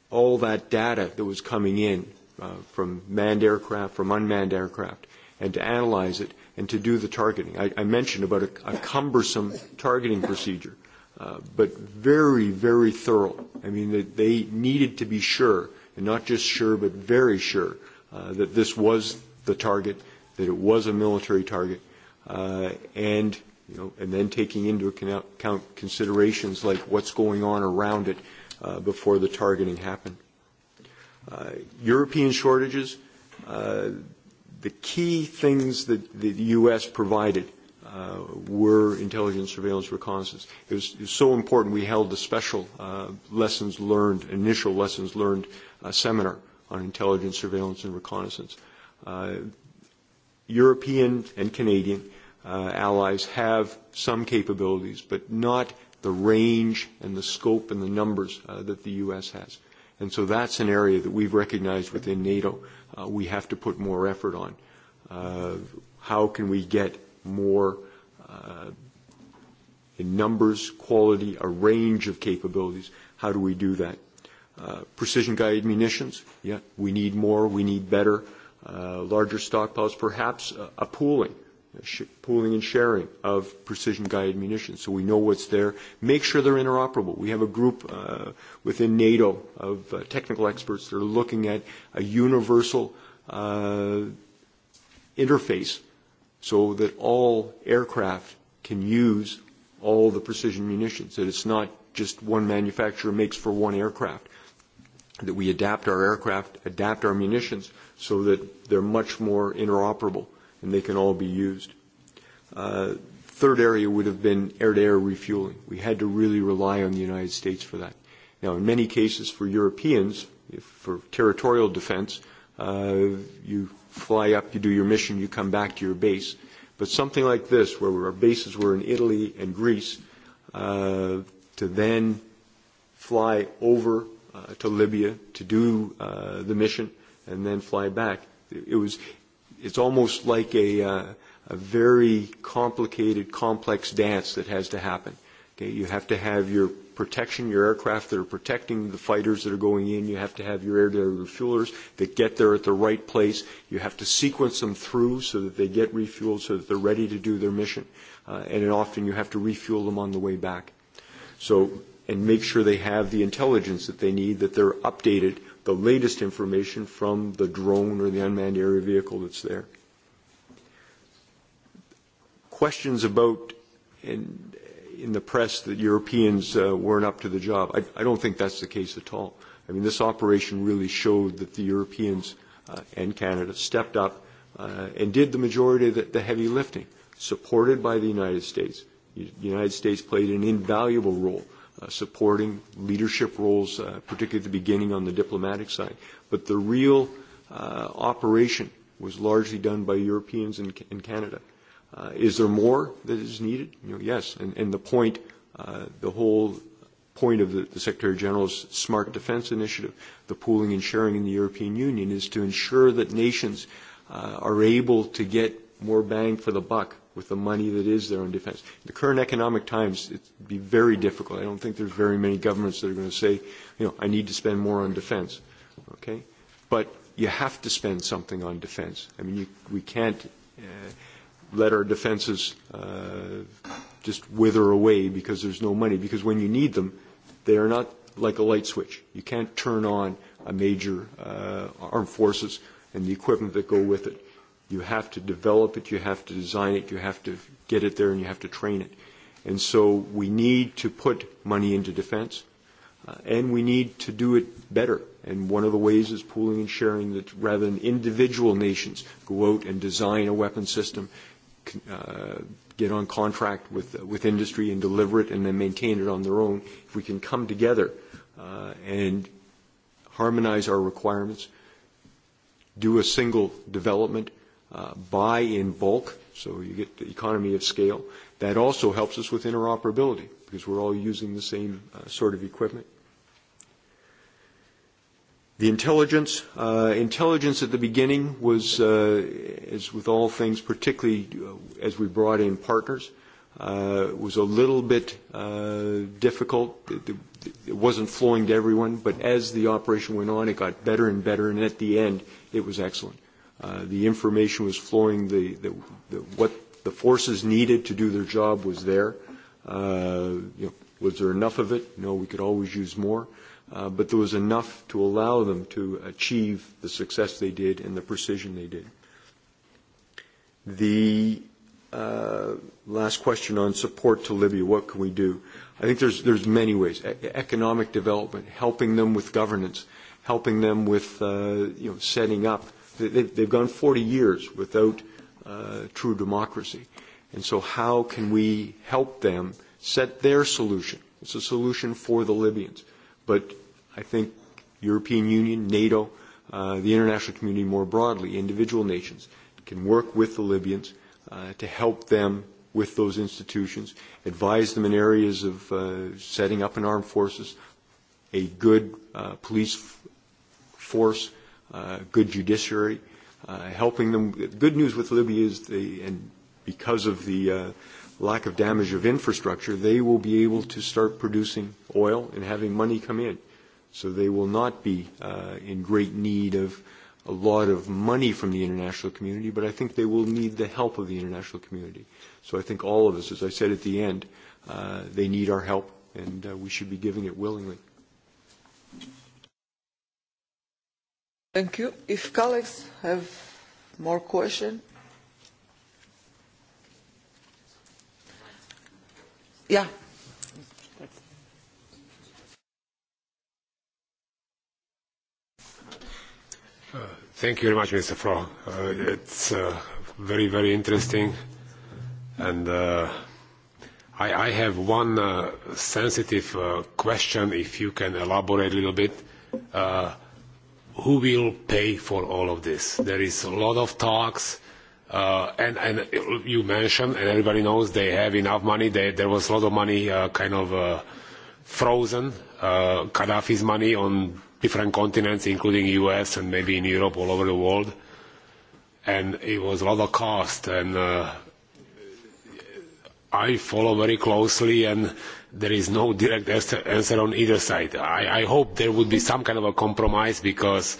all that data that was coming in uh, from manned aircraft, from unmanned aircraft, and to analyze it and to do the targeting. I, I mentioned about a, a cumbersome targeting procedure, uh, but very, very thorough. I mean, they, they needed to be sure, and not just sure, but very sure, uh, that this was the target, that it was a military target, uh, and you know, and then taking into account considerations like what's going on around it uh, before the targeting happened. Uh, European shortages. Uh, the key things that the U.S. provided uh, were intelligence, surveillance, reconnaissance. It was, it was so important we held a special uh, lessons learned, initial lessons learned uh, seminar on intelligence, surveillance, and reconnaissance. Uh, European and Canadian uh, allies have some capabilities, but not the range and the scope and the numbers uh, that the U.S. has. Uh, And so that's an area that we've recognized within NATO uh, we have to put more effort on. Uh, how can we get more uh, in numbers, quality, a range of capabilities? How do we do that? Uh, precision guided munitions, yeah, we need more, we need better, uh, larger stockpiles, perhaps a, uh, a pooling sh- pooling and sharing of precision guided munitions so we know what's there. Make sure they're interoperable. We have a group uh, within NATO of uh, technical experts that are looking at a universal uh, interface so that all aircraft can use all the precision munitions, that it's not just one manufacturer makes for one aircraft, that we adapt our aircraft, adapt our munitions so that they're much more interoperable and they can all be used. Uh, third area would have been air-to-air refueling. We had to really rely on the United States for that. Now, in many cases for Europeans, if for territorial defense, uh, you fly up, you do your mission, you come back to your base. But something like this, where our bases were in Italy and Greece, uh, to then fly over uh, to Libya to do uh, the mission and then fly back, it was it's almost like a, uh, a very complicated, complex dance that has to happen. Okay, you have to have your protection, your aircraft that are protecting the fighters that are going in. You have to have your air to air refuelers that get there at the right place. You have to sequence them through so that they get refueled, so that they're ready to do their mission. Uh, and often you have to refuel them on the way back. So, and make sure they have the intelligence that they need, that they're updated the latest information from the drone or the unmanned aerial vehicle that's there. Questions about in, in the press that Europeans uh, weren't up to the job. I, I don't think that's the case at all. I mean, this operation really showed that the Europeans uh, and Canada stepped up uh, and did the majority of the, the heavy lifting, supported by the United States. The United States played an invaluable role Uh, supporting leadership roles, uh, particularly at the beginning on the diplomatic side. But the real uh, operation was largely done by Europeans in, in Canada. Uh, is there more that is needed? You know, yes. And, and the point, uh, the whole point of the, the Secretary General's Smart Defense Initiative, the pooling and sharing in the European Union, is to ensure that nations uh, are able to get more bang for the buck with the money that is there on defense. In the current economic times, it'd be very difficult. I don't think there's very many governments that are going to say, you know, I need to spend more on defense. Okay? But you have to spend something on defense. I mean, you, we can't uh, let our defenses uh, just wither away because there's no money. Because when you need them, they are not like a light switch. You can't turn on a major uh, armed forces and the equipment that go with it You have to develop it, you have to design it, you have to get it there, and you have to train it. And so we need to put money into defense, uh, and we need to do it better. And one of the ways is pooling and sharing that rather than individual nations go out and design a weapon system, uh, get on contract with, uh, with industry and deliver it and then maintain it on their own, if we can come together uh, and harmonize our requirements, do a single development, Uh, buy in bulk, so you get the economy of scale. That also helps us with interoperability because we're all using the same uh, sort of equipment. The intelligence, uh, intelligence at the beginning was, uh, as with all things, particularly uh, as we brought in partners, uh, was a little bit uh, difficult. It, it wasn't flowing to everyone, but as the operation went on, it got better and better, and at the end, it was excellent. Uh, the information was flowing. The, the, the, what the forces needed to do their job was there. Uh, you know, was there enough of it? No, we could always use more. Uh, but there was enough to allow them to achieve the success they did and the precision they did. The uh, last question on support to Libya, what can we do? I think there's, there's many ways. E-, e economic development, helping them with governance, helping them with uh, you know, setting up They've, gone 40 years without uh, true democracy. And so how can we help them set their solution? It's a solution for the Libyans. But I think European Union, NATO, uh, the international community more broadly, individual nations, can work with the Libyans uh, to help them with those institutions, advise them in areas of uh, setting up an armed forces, a good uh, police force Uh, good judiciary, uh, helping them. Good news with Libya is the, and because of the uh, lack of damage of infrastructure, they will be able to start producing oil and having money come in. So they will not be uh, in great need of a lot of money from the international community, but I think they will need the help of the international community. So I think all of us, as I said at the end, uh, they need our help, and uh, we should be giving it willingly. Thank you. Thank you. If colleagues have more questions, yeah. Uh, thank you very much, Mr. Frau. Uh, it's uh, very, very interesting, and uh, I, I have one uh, sensitive uh, question. If you can elaborate a little bit. Uh, who will pay for all of this? There is a lot of talks, uh, and, and you mentioned, and everybody knows they have enough money. They, there was a lot of money uh, kind of uh, frozen, uh, Gaddafi's money on different continents, including US and maybe in Europe, all over the world. And it was a lot of cost. And uh, I follow very closely, and there is no direct answer on either side. I, hope there would be some kind of a compromise because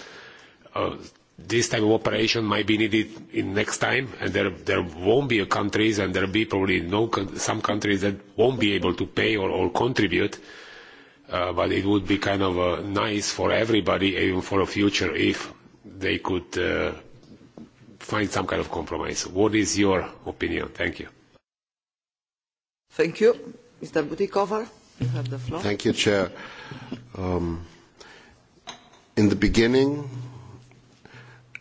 uh, this type of operation might be needed in next time, and there there won't be countries, and will be probably no some countries that won't be able to pay or, or contribute. Uh, but it would be kind of uh, nice for everybody, even for the future, if they could uh, find some kind of compromise. What is your opinion? Thank you. Thank you. Mr. Butikover, you have the floor. Thank you, Chair. Um, in the beginning,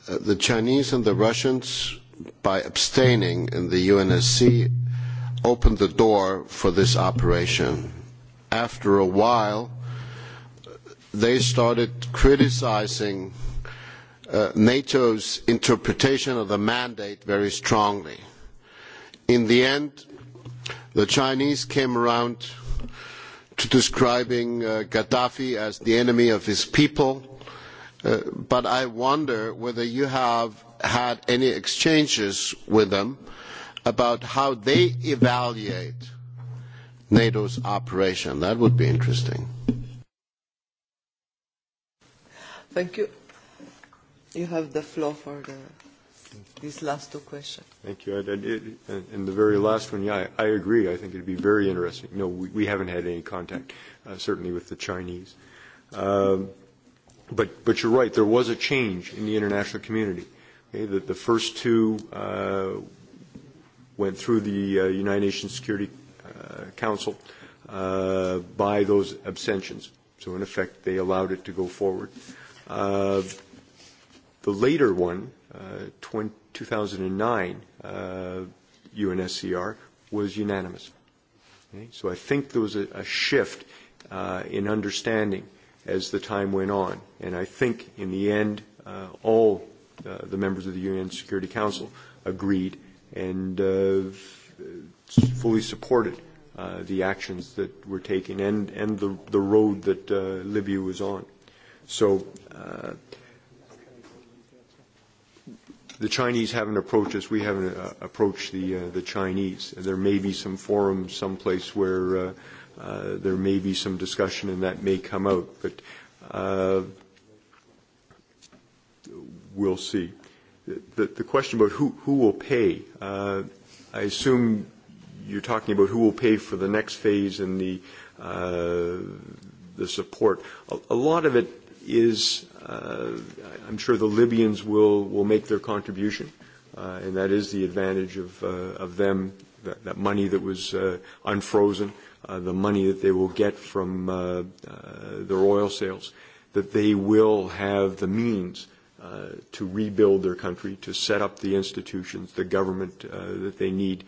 uh, the Chinese and the Russians, by abstaining in the UNSC, opened the door for this operation. After a while, they started criticizing Uh, NATO's interpretation of the mandate very strongly. In the end, The Chinese came around to describing uh, Gaddafi as the enemy of his people, uh, but I wonder whether you have had any exchanges with them about how they evaluate NATO's operation. That would be interesting. Thank you. You have the floor for the these last two questions. Thank you. And, and the very last one, yeah, I, I agree. I think it'd be very interesting. No, we, we haven't had any contact, uh, certainly with the Chinese. Um, but, but you're right, there was a change in the international community. Okay, the, the first two uh, went through the uh, United Nations Security uh, Council uh, by those abstentions. So in effect, they allowed it to go forward. Uh, the later one, 2009 uh, UNSCR uh, was unanimous. Okay? So I think there was a, a shift uh, in understanding as the time went on. And I think in the end, uh, all uh, the members of the UN Security Council agreed and uh, fully supported uh, the actions that were taken and, and the, the road that uh, Libya was on. So uh, the Chinese haven't approached us. We haven't uh, approached the uh, the Chinese. There may be some forum someplace where uh, uh, there may be some discussion, and that may come out. But uh, we'll see. The, the question about who who will pay. Uh, I assume you're talking about who will pay for the next phase and the uh, the support. A, a lot of it is Uh, I'm sure the Libyans will, will make their contribution, uh, and that is the advantage of, uh, of them, that, that money that was uh, unfrozen, uh, the money that they will get from uh, uh, their oil sales, that they will have the means uh, to rebuild their country, to set up the institutions, the government uh, that they need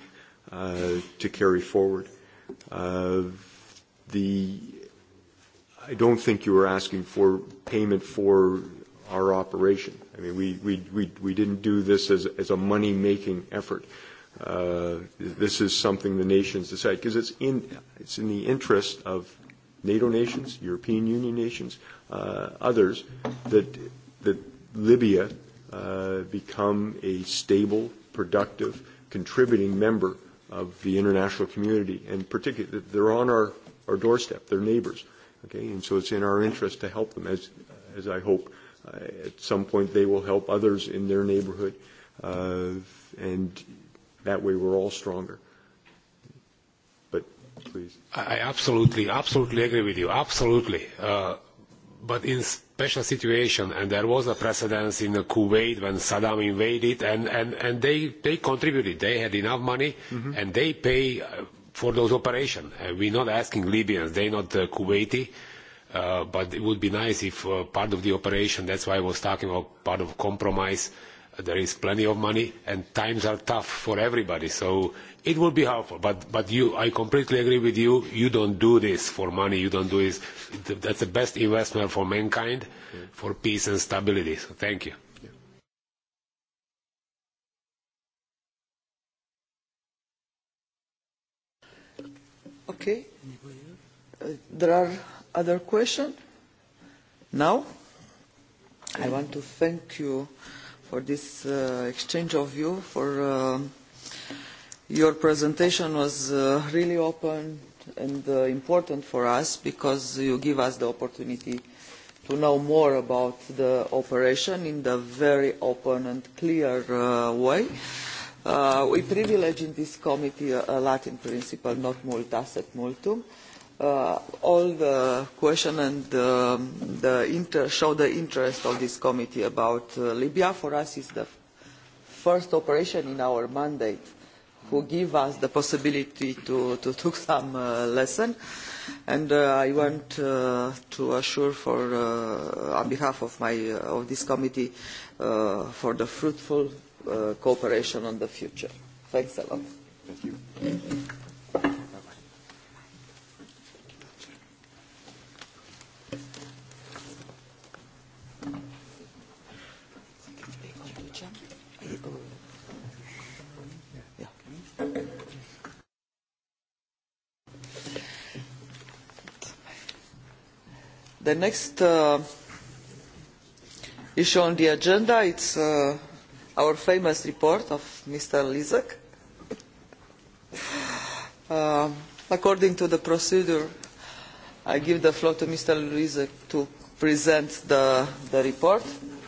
uh, to carry forward. Uh, the I don't think you were asking for payment for our operation. I mean, we, we, we, we didn't do this as, as a money-making effort. Uh, this is something the nations decide because it's in, it's in the interest of NATO nations, European Union nations, uh, others, that, that Libya uh, become a stable, productive, contributing member of the international community, and particularly they're on our, our doorstep, they're neighbors. Okay, and so it's in our interest to help them, as as I hope uh, at some point they will help others in their neighborhood, uh, and that way we're all stronger. But please, I absolutely, absolutely agree with you, absolutely. Uh, but in special situation, and there was a precedence in Kuwait when Saddam invaded, and and and they they contributed, they had enough money, mm-hmm. and they pay. Uh, for those operations. Uh, we're not asking Libyans, they're not uh, Kuwaiti, uh, but it would be nice if uh, part of the operation, that's why I was talking about part of compromise, uh, there is plenty of money and times are tough for everybody, so it would be helpful. But, but you, I completely agree with you, you don't do this for money, you don't do this. That's the best investment for mankind, mm. for peace and stability, so thank you. Okay. Uh, there are other questions? Now? I want to thank you for this uh, exchange of view, for uh, your presentation was uh, really open and uh, important for us because you give us the opportunity to know more about the operation in the very open and clear uh, way. Uh, we privilege in this committee uh, a, Latin principle, not multas asset multum. Uh, all the question and uh, the inter show the interest of this committee about uh, Libya. For us, is the first operation in our mandate who give us the possibility to, to <laughs> take some uh, lesson. And uh, I want uh, to assure for, uh, on behalf of, my, uh, of this committee uh, for the fruitful uh, cooperation on the future. Thanks a lot. Thank you. The next uh, issue on the agenda is uh, our famous report of Mr. Lizak. Uh, according to the procedure, I give the floor to Mr. Lizak to present the, the report.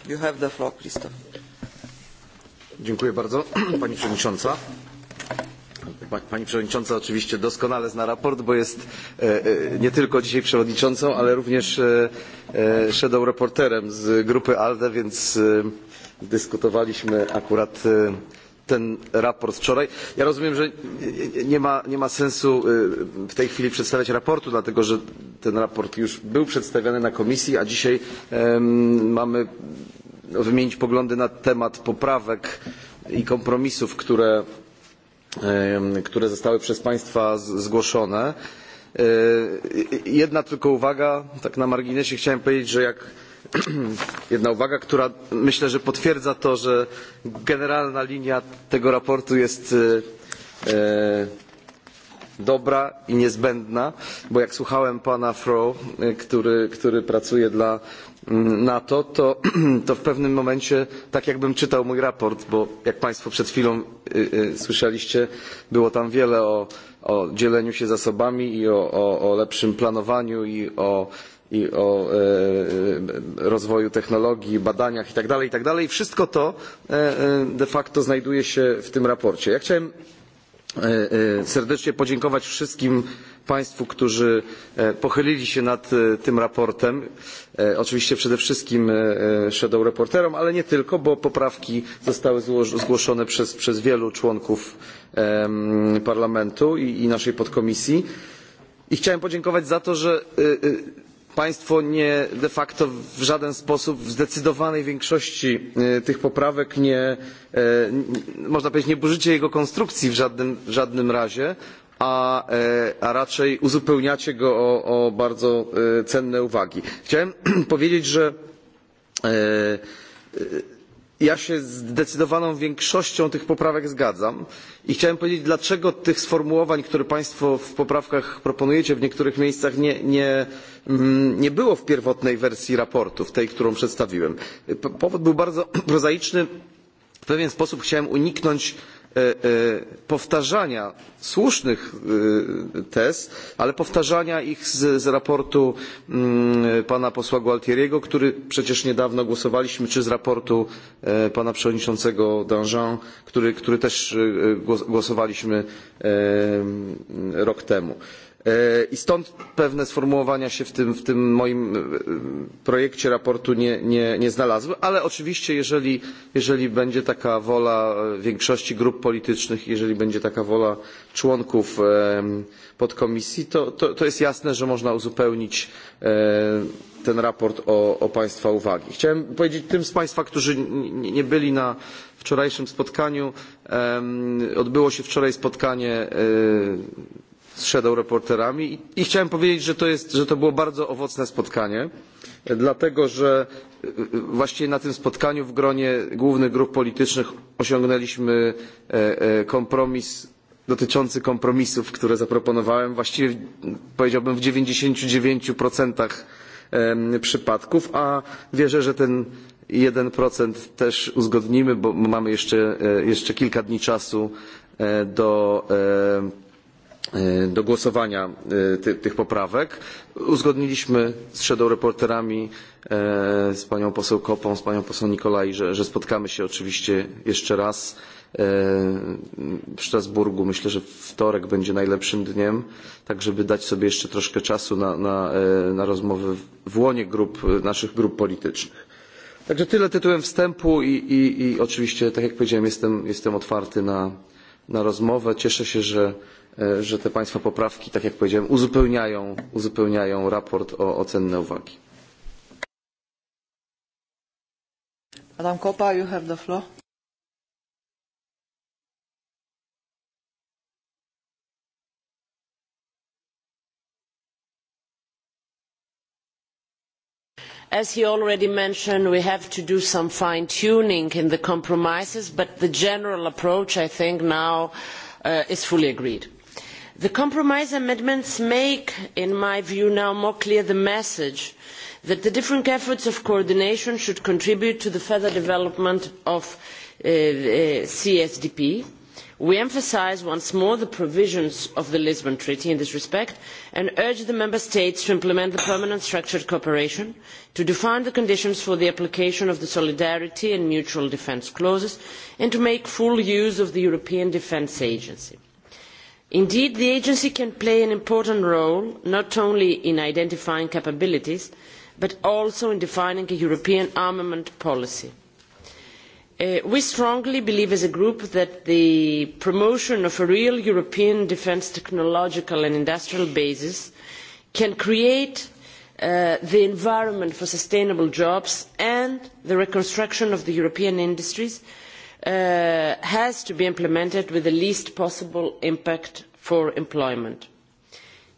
You have the floor, Christoph. Dziękuję bardzo, <clears throat> Pani Przewodnicząca. Pani Przewodnicząca oczywiście doskonale zna raport, bo jest e, e, nie tylko dzisiaj Przewodniczącą, ale również e, shadow reporterem z grupy ALDE, więc dyskutowaliśmy akurat ten raport wczoraj. Ja rozumiem, że nie ma, nie ma sensu w tej chwili przedstawiać raportu, dlatego że ten raport już był przedstawiany na komisji, a dzisiaj mamy wymienić poglądy na temat poprawek i kompromisów, które, które zostały przez Państwa zgłoszone. Jedna tylko uwaga, tak na marginesie chciałem powiedzieć, że jak <clears throat> jedna uwaga, która myślę, że potwierdza to, że generalna linia tego raportu jest e, e, dobra i niezbędna, bo jak słuchałem pana Fro, e, który, który pracuje dla mm, NATO, to, <clears throat> to w pewnym momencie tak jakbym czytał mój raport, bo jak Państwo przed chwilą y, y, słyszeliście, było tam wiele o, o dzieleniu się zasobami i o, o, o lepszym planowaniu i o i o e, e, rozwoju technologii, badaniach itd. itd. Wszystko to e, de facto znajduje się w tym raporcie. Ja chciałem serdecznie podziękować wszystkim państwu którzy pochylili się nad tym sprawozdaniem oczywiście przede wszystkim kontrsprawozdawcom ale nie tylko bo poprawki zostały zgłoszone przez, przez wielu członków parlamentu i, i naszej podkomisji i chciałem podziękować za to że państwo nie, de facto w żaden sposób w zdecydowanej większości e, tych poprawek nie, e, można powiedzieć, nie burzycie jego konstrukcji w żadnym, w żadnym razie, a, e, a raczej uzupełniacie go o, o bardzo cenne uwagi. Chciałem <clears throat> powiedzieć, że ja się z zdecydowaną większością tych poprawek zgadzam i chciałem powiedzieć dlaczego tych sformułowań które państwo w poprawkach proponujecie w niektórych miejscach nie, nie, mm, nie było w pierwotnej wersji sprawozdania tej którą przedstawiłem. powód był bardzo <clears throat> prozaiczny w pewien sposób chciałem uniknąć E, e, powtarzania słusznych e, tez, ale powtarzania ich z, sprawozdania mm, pana posła Gualtieriego, który przecież niedawno głosowaliśmy, czy z sprawozdania pana przewodniczącego Danjean, który też głosowaliśmy rok temu. E, I stąd pewne sformułowania się w tym, w tym moim e, projekcie raportu nie, nie, nie znalazły, ale oczywiście jeżeli, jeżeli będzie taka wola e, większości grup politycznych, jeżeli będzie taka wola członków podkomisji, to, to, to jest jasne, że można uzupełnić ten raport o, o Państwa uwagi. Chciałem powiedzieć tym z Państwa, którzy nie byli na wczorajszym spotkaniu, odbyło się wczoraj spotkanie z sprawozdawcami i chciałem powiedzieć, że to, było bardzo owocne spotkanie, dlatego że właśnie na tym spotkaniu w gronie głównych grup politycznych osiągnęliśmy e, e, kompromis dotyczący kompromisów, które zaproponowałem właściwie powiedziałbym w dziewięćdzisiąt 99% przypadków, a wierzę, że ten jeden procent też uzgodnimy, bo mamy jeszcze, e, jeszcze kilka dni czasu do E, do głosowania e, ty, tych poprawek. Uzgodniliśmy z shadow reporterami, e, z panią poseł Kopą, z panią poseł Nikolaj, że, że spotkamy się oczywiście jeszcze raz w Strasburgu. Myślę, że wtorek będzie najlepszym dniem, tak żeby dać sobie jeszcze troszkę czasu na, na, na rozmowy w łonie grup, naszych grup politycznych. Także tyle tytułem wstępu i, i, i oczywiście, tak jak powiedziałem, jestem, jestem otwarty na, na rozmowę. Cieszę się, że E, że te Państwa poprawki, tak jak powiedziałem, uzupełniają, uzupełniają raport o, o cenne uwagi. Madam Kopa, you have the floor. as he already mentioned we have to do some fine tuning in the compromises but the general approach i think now uh, is fully agreed the compromise amendments make in my view now more clear the message that the different efforts of coordination should contribute to the further development of uh, uh, csdp. we emphasise once more the provisions of the lisbon treaty in this respect and urge the member states to implement the permanent structured cooperation to define the conditions for the application of the solidarity and mutual defence clauses and to make full use of the european defence agency indeed the agency can play an important role not only in identifying capabilities but also in defining a european armament policy. Uh, we strongly believe as a group that the promotion of a real european defence technological and industrial basis can create uh, the environment for sustainable jobs and the reconstruction of the european industries Uh, has to be implemented with the least possible impact for employment.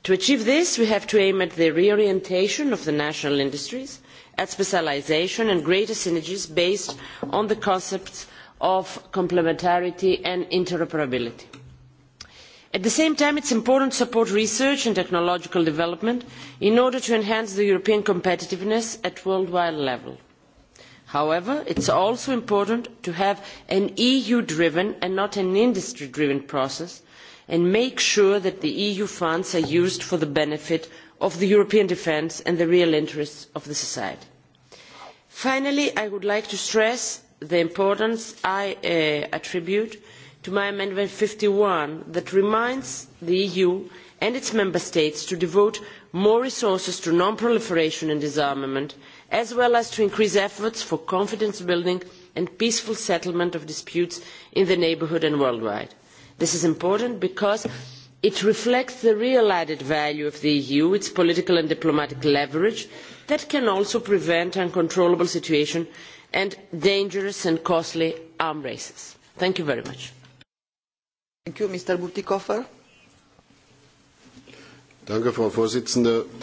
To achieve this, we have to aim at the reorientation of the national industries, at specialisation and greater synergies based on the concepts of complementarity and interoperability. At the same time, it is important to support research and technological development in order to enhance the European competitiveness at worldwide level however it is also important to have an eu driven and not an industry driven process and make sure that the eu funds are used for the benefit of european defence and the real interests of society. finally i would like to stress the importance i uh, attribute to my amendment fifty one that reminds the eu and its member states to devote more resources to non proliferation and disarmament as well as to increase efforts for confidence building and peaceful settlement of disputes in the neighbourhood and worldwide. this is important because it reflects the real added value of the eu its political and diplomatic leverage that can also prevent uncontrollable situations and dangerous and costly arms races. thank you very much. Thank you, Mr. Danke,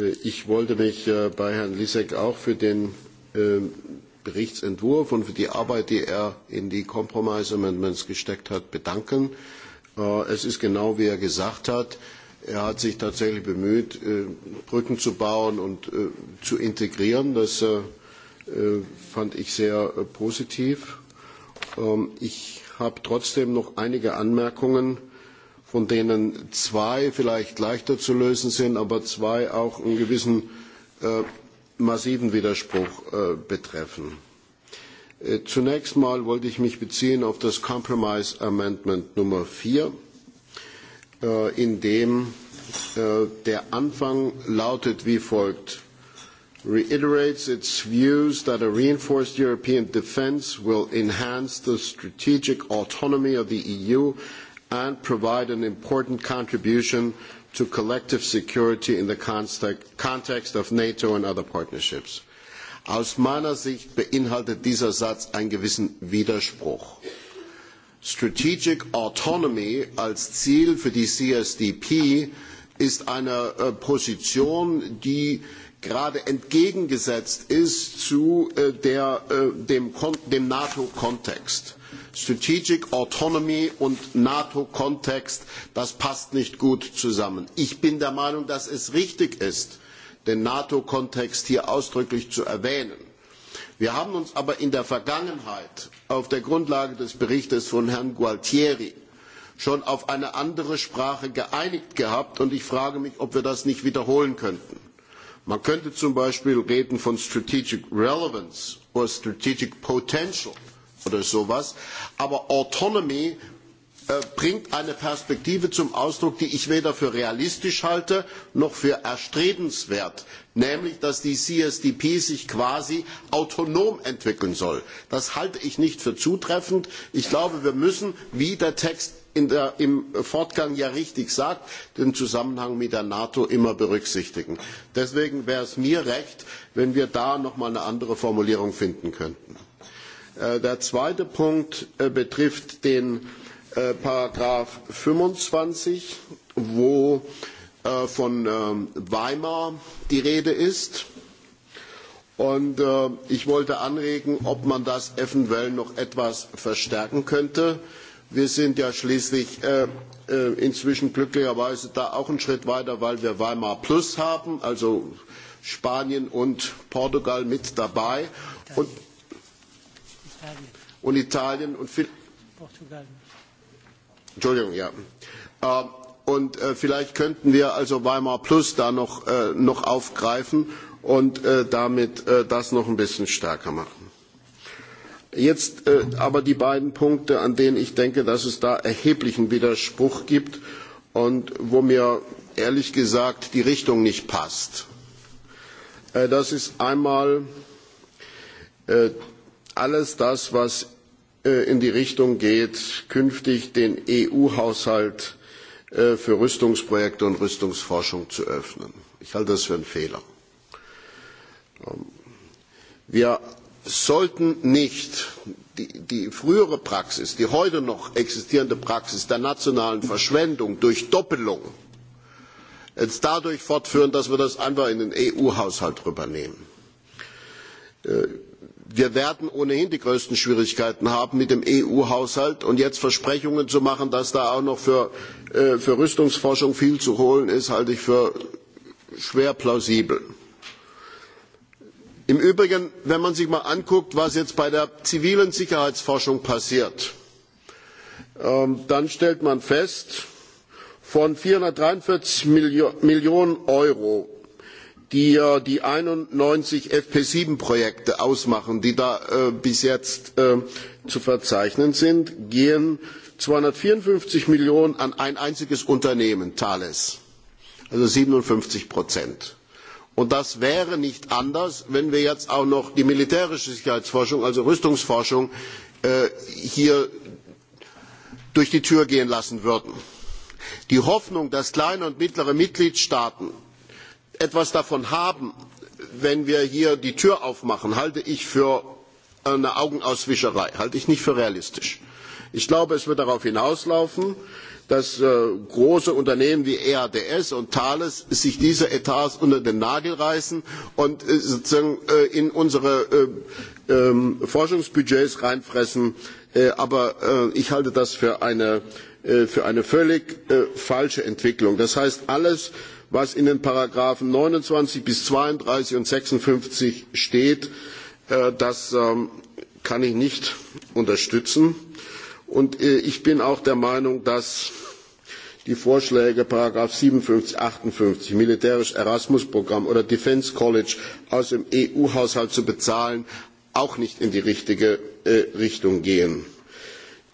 Äh, ich wollte mich äh, bei Herrn Lisek auch für den ähm, Berichtsentwurf und für die Arbeit, die er in die Compromise Amendments gesteckt hat, bedanken. Äh, es ist genau wie er gesagt hat. Er hat sich tatsächlich bemüht, Brücken zu bauen und zu integrieren. Das fand ich sehr positiv. Ähm, ich habe trotzdem noch einige Anmerkungen von denen zwei vielleicht leichter zu lösen sind, aber zwei auch einen gewissen äh, massiven Widerspruch äh, betreffen. Äh, zunächst einmal wollte ich mich beziehen auf das Compromise Amendment Nummer 4, in dem der Anfang lautet wie folgt reiterates its views that a reinforced European defence will enhance the strategic autonomy of the EU and provide an important contribution to collective security in the context of NATO and other partnerships. Aus meiner Sicht beinhaltet dieser Satz einen gewissen Widerspruch. Strategic Autonomy als Ziel für die CSDP ist eine äh, Position, die gerade entgegengesetzt ist zu äh, der, äh, dem, dem NATO-Kontext. Strategic Autonomy und NATO-Kontext, das passt nicht gut zusammen. Ich bin der Meinung, dass es richtig ist, den NATO-Kontext hier ausdrücklich zu erwähnen. Wir haben uns aber in der Vergangenheit auf der Grundlage des Berichts von Herrn Gualtieri schon auf eine andere Sprache geeinigt gehabt und ich frage mich, ob wir das nicht wiederholen könnten. Man könnte zum Beispiel von Strategic Relevance oder Strategic Potential reden oder sowas. Aber Autonomy äh, bringt eine Perspektive zum Ausdruck, die ich weder für realistisch halte noch für erstrebenswert, nämlich dass die CSDP sich quasi autonom entwickeln soll. Das halte ich nicht für zutreffend. Ich glaube, wir müssen, wie der Text der, im Fortgang ja richtig sagt, den Zusammenhang mit der NATO immer berücksichtigen. Deswegen wäre es mir recht, wenn wir da noch mal eine andere Formulierung finden könnten. Äh, der zweite Punkt äh, betrifft den äh, Paragraph 25, wo von ähm, Weimar die Rede ist. Und ich wollte anregen, ob man das eventuell noch etwas verstärken könnte. Wir sind ja schließlich inzwischen glücklicherweise da auch einen Schritt weiter, weil wir Weimar Plus haben, also Spanien und Portugal mit dabei. Und und Italien und Portugal. Entschuldigung, ja. Ähm, und äh, vielleicht könnten wir also Weimar Plus da noch, äh, noch aufgreifen und äh, damit das noch ein bisschen stärker machen. Jetzt aber die beiden Punkte, an denen ich denke, dass es da erheblichen Widerspruch gibt und wo mir ehrlich gesagt die Richtung nicht passt. Das ist einmal alles das, was äh, in die Richtung geht, künftig den EU-Haushalt äh, für Rüstungsprojekte und Rüstungsforschung zu öffnen. Ich halte das für einen Fehler. Ähm, wir sollten nicht die, die frühere Praxis, die heute noch existierende Praxis der nationalen Verschwendung durch Doppelung jetzt dadurch fortführen, dass wir das einfach in den EU-Haushalt rübernehmen. Äh, wir werden ohnehin die größten schwierigkeiten haben mit dem eu haushalt und jetzt versprechungen zu machen dass da auch noch äh, für, rüstungsforschung viel zu holen ist halte ich für schwer plausibel. im übrigen wenn man sich einmal anschaut was jetzt bei der zivilen sicherheitsforschung passiert ähm, dann stellt man fest von vierhundertdreiundvierzig millionen euro die ja die einundneunzig fp sieben projekte ausmachen die da äh, bis jetzt äh, zu verzeichnen sind gehen zweihundertvierundfünfzig millionen an ein einziges unternehmen thales also siebenundfünfzig Und das wäre nicht anders, wenn wir jetzt auch noch die militärische Sicherheitsforschung, also Rüstungsforschung, äh, hier durch die Tür gehen lassen würden. Die Hoffnung, dass kleine und mittlere Mitgliedstaaten etwas davon haben wenn wir hier die tür aufmachen halte ich für eine augenauswischerei halte ich nicht für realistisch. ich glaube es wird darauf hinauslaufen dass äh, große unternehmen wie eads und thales sich diese etats unter den nagel reißen und äh, sozusagen äh, in unsere ähm, forschungsbudgets hineinfressen. aber ich halte das für eine völlig falsche entwicklung. das heißt alles was in den Paragraphen 29 bis 32 und 56 steht, äh, das ähm, kann ich nicht unterstützen. Und äh, ich bin auch der Meinung, dass die Vorschläge Paragraph 57, 58, militärisch Erasmus-Programm oder Defense College aus dem EU-Haushalt zu bezahlen, auch nicht in die richtige äh, Richtung gehen.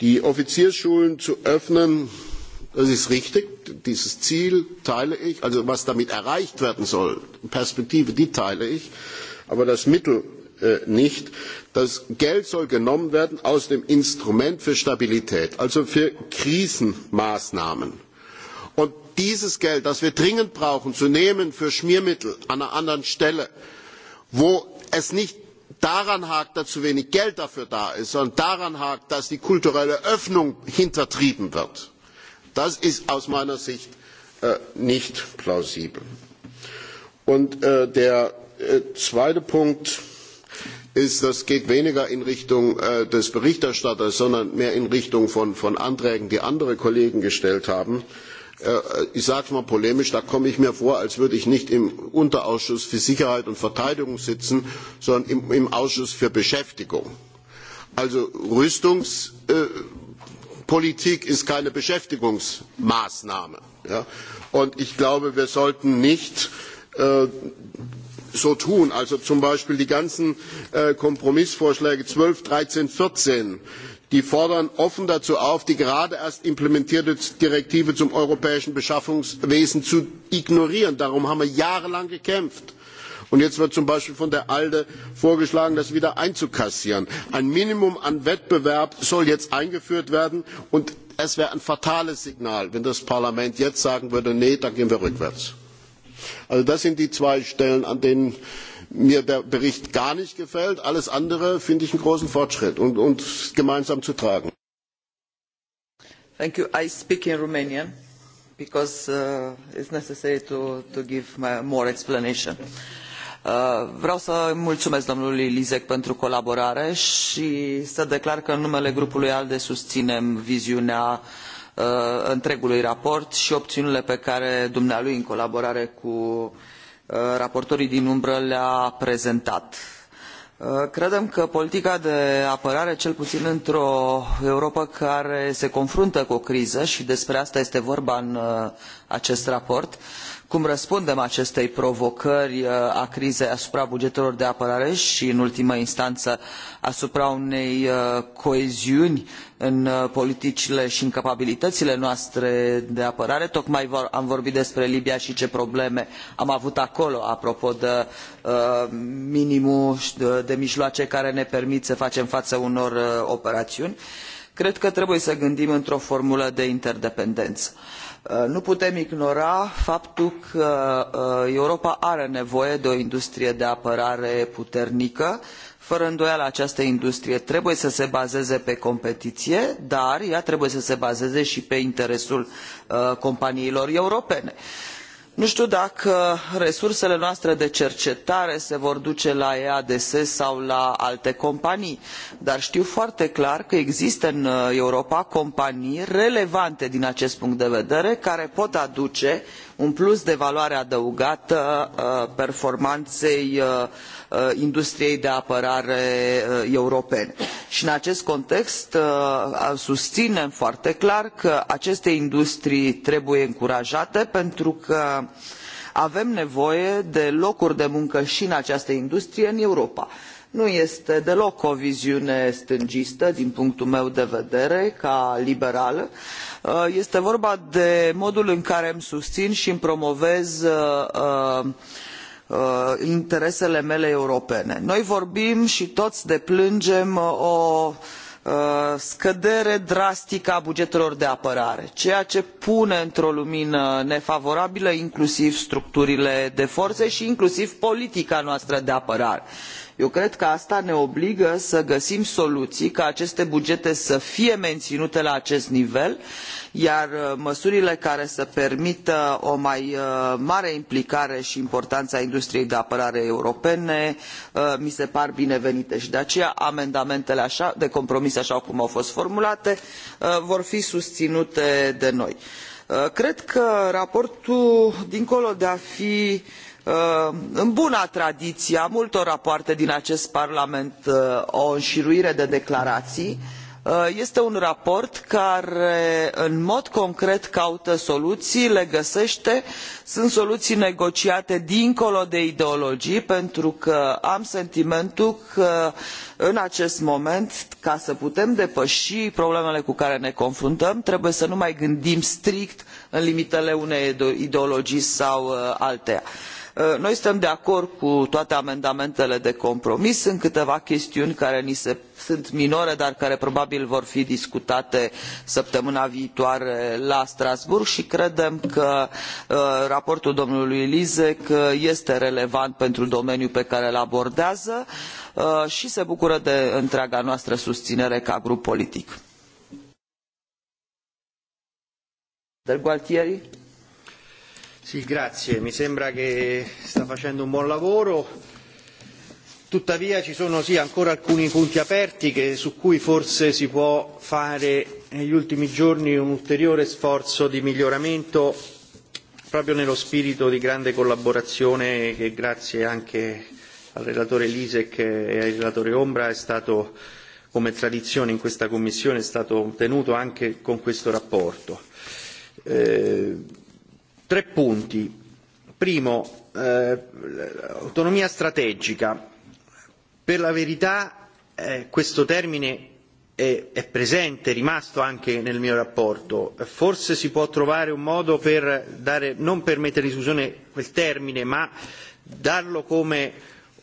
Die Offiziersschulen zu öffnen, Das ist richtig. Dieses Ziel teile ich. Also was damit erreicht werden soll, Perspektive, die teile ich. Aber das Mittel äh, nicht. Das Geld soll genommen werden aus dem Instrument für Stabilität, also für Krisenmaßnahmen. Und dieses Geld, das wir dringend brauchen, zu nehmen für Schmiermittel an einer anderen Stelle, wo es nicht daran hakt dass zu wenig geld dafür da ist sondern daran hakt dass die kulturelle öffnung hintertrieben wird das ist aus meiner sicht äh, nicht plausibel. Äh, der äh, zweite punkt ist das geht weniger in richtung des berichterstatters sondern mehr in richtung von, anträgen die andere kollegen gestellt haben ich sage es mal polemisch da komme ich mir vor als würde ich nicht im unterausschuss für sicherheit und verteidigung sitzen sondern im, ausschuss für beschäftigung. also rüstungspolitik politik ist keine beschäftigungsmaßnahme. und ich glaube wir sollten nicht äh, so tun als ob zum beispiel die ganzen äh, kompromissvorschläge zwölf dreizehn vierzehn die fordern offen dazu auf die gerade erst implementierte richtlinie zum europäischen beschaffungswesen zu ignorieren. darum haben wir jahrelang gekämpft und jetzt wird zum beispiel von der alde vorgeschlagen das wieder einzukassieren. ein minimum an wettbewerb soll jetzt eingeführt werden und es wäre ein fatales signal wenn das parlament jetzt sagen würde nee da gehen wir rückwärts. also das sind die zwei stellen an denen mir der bericht gar nicht gefällt. alles andere finde ich einen großen fortschritt und, und gemeinsam zu tragen. Thank you. I speak in Romanian because uh, it's necessary to, to give my, more explanation. Uh, Uh, vreau să îi mulumesc domnului Lisek pentru colaborare i să declar că în numele grupului ALDE susinem viziunea uh, întregului raport i opiunile pe care dumnealui în colaborare cu uh, raportorii din umbră le-a prezentat Uh, credem că politica de apărare cel puțin într o europă care se confruntă cu o criză și despre asta este vorba în uh, acest raport cum răspundem acestei provocări uh, a crizei asupra bugetelor de apărare și în ultimă instanță asupra unei coeziuni în politicile și în capabilitățile noastre de apărare tocmai am vorbit despre libia și ce probleme am avut acolo apropo de minimul de mijloace care ne permit să facem față unor uh, operațiuni cred că trebuie să gândim într o formulă de interdependență. Uh, nu putem ignora faptul că uh, europa are nevoie de o industrie de apărare puternică fără îndoială această industrie trebuie să se bazeze pe competiție dar ea trebuie să se bazeze și pe interesul companiilor europene. Uh, nu tiu dacă uh, resursele noastre de cercetare se vor duce la eads sau la alte companii dar tiu foarte clar că există în uh, europa companii relevante din acest punct de vedere care pot aduce un plus de valoare adăugată uh, performanei Uh, industriei de apărare uh, europene. Și în acest context uh, susținem foarte clar că aceste industrii trebuie încurajate pentru că avem nevoie de locuri de muncă și în această industrie în Europa. Nu este deloc o viziune stângistă din punctul meu de vedere ca liberală. Este vorba de modul în care îmi susțin și îmi promovez uh, Uh, interesele mele europene. noi vorbim i toi deplângem o uh, scădere drastică a bugetelor de apărare ceea ce pune într o lumină nefavorabilă inclusiv structurile de foră i inclusiv politica noastră de apărare eu cred că asta ne obligă să găsim soluii ca aceste bugete să fie meninute la acest nivel iar uh, măsurile care să permită o mai uh, mare implicare i importană a industriei de apărare europene uh, mi se par binevenite i de aceea amendamentele de compromis aa cum au fost formulate vor fi susinute de noi. cred că raportul dincolo de a fi Uh, în buna tradiie a multor rapoarte din acest parlament uh, o îniruire de declaraii uh, este un raport care în mod concret caută soluii le găsete sunt soluii negociate dincolo de ideologii pentru că am sentimentul că în acest moment ca să putem depăi problemele cu care ne confruntăm trebuie să nu mai gândim strict în limitele unei ideologii sau alteia. Uh, noi suntem de acord cu toate amendamentele de compromis sunt câteva chestiuni care ni se, sunt minore dar care probabil vor fi discutate săptămâna viitoare la strasbourg i credem că uh, raportul domnului lisek este relevant pentru domeniul pe care îl abordează uh, i se bucură de întreaga noastră susinere ca grup politic. Sì, grazie. Mi sembra che sta facendo un buon lavoro. Tuttavia ci sono sì, ancora alcuni punti aperti che, su cui forse si può fare negli ultimi giorni un ulteriore sforzo di miglioramento proprio nello spirito di grande collaborazione che grazie anche al relatore Lisek e al relatore Ombra è stato come tradizione in questa Commissione è stato ottenuto anche con questo rapporto. Eh, tre punti. Primo, eh, autonomia strategica. Per la verità eh, questo termine è, è presente, è rimasto anche nel mio rapporto. Forse si può trovare un modo per dare, non per mettere in discussione quel termine, ma darlo come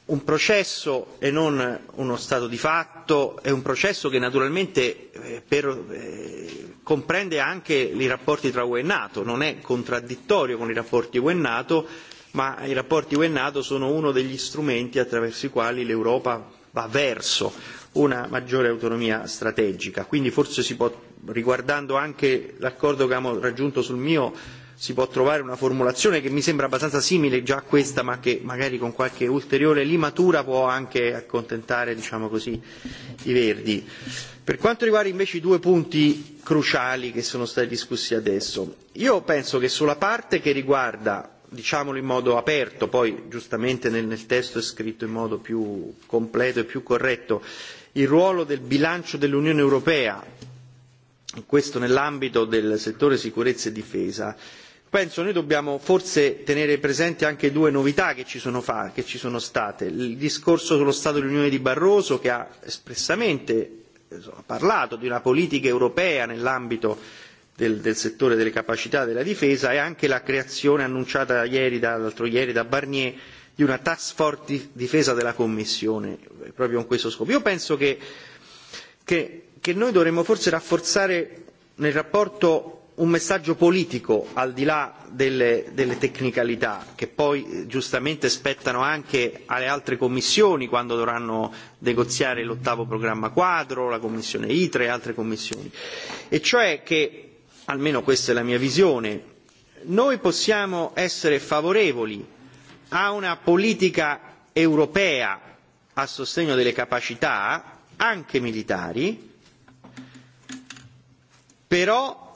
un processo e non uno stato di fatto fatto, è un processo che naturalmente eh, per, eh, comprende anche i rapporti tra UE e Nato, non è contraddittorio con i rapporti UE e Nato, ma i rapporti UE e Nato sono uno degli strumenti attraverso i quali l'Europa va verso una maggiore autonomia strategica. Quindi forse si può, riguardando anche l'accordo che abbiamo raggiunto sul mio si può trovare una formulazione che mi sembra abbastanza simile già a questa, ma che magari con qualche ulteriore limatura può anche accontentare, diciamo così, i Verdi. Per quanto riguarda invece i due punti cruciali che sono stati discussi adesso, io penso che sulla parte che riguarda diciamolo in modo aperto, poi giustamente nel, nel testo è scritto in modo più completo e più corretto, il ruolo del bilancio dell'Unione Europea, questo nell'ambito del settore sicurezza e difesa, eh, penso noi dobbiamo forse tenere presente anche due novità che ci sono, fa, che ci sono state il discorso sullo stato dell'unione di barroso che ha espressamente eh, ha parlato di una politica europea nell'ambito del, del settore delle capacità della difesa e anche la creazione annunciata ieri, da, l'altro ieri da Barnier di una task force di difesa della Commissione eh, proprio con questo scopo. Io penso che, che, che noi dovremmo forse rafforzare nel rapporto un messaggio politico al di là delle, delle tecnicalità che poi eh, giustamente spettano anche alle altre commissioni quando dovranno negoziare l'ottavo programma quadro, la commissione ITRE e altre commissioni. E cioè che, almeno questa è la mia visione, noi possiamo essere favorevoli a una politica europea a sostegno delle capacità anche militari, però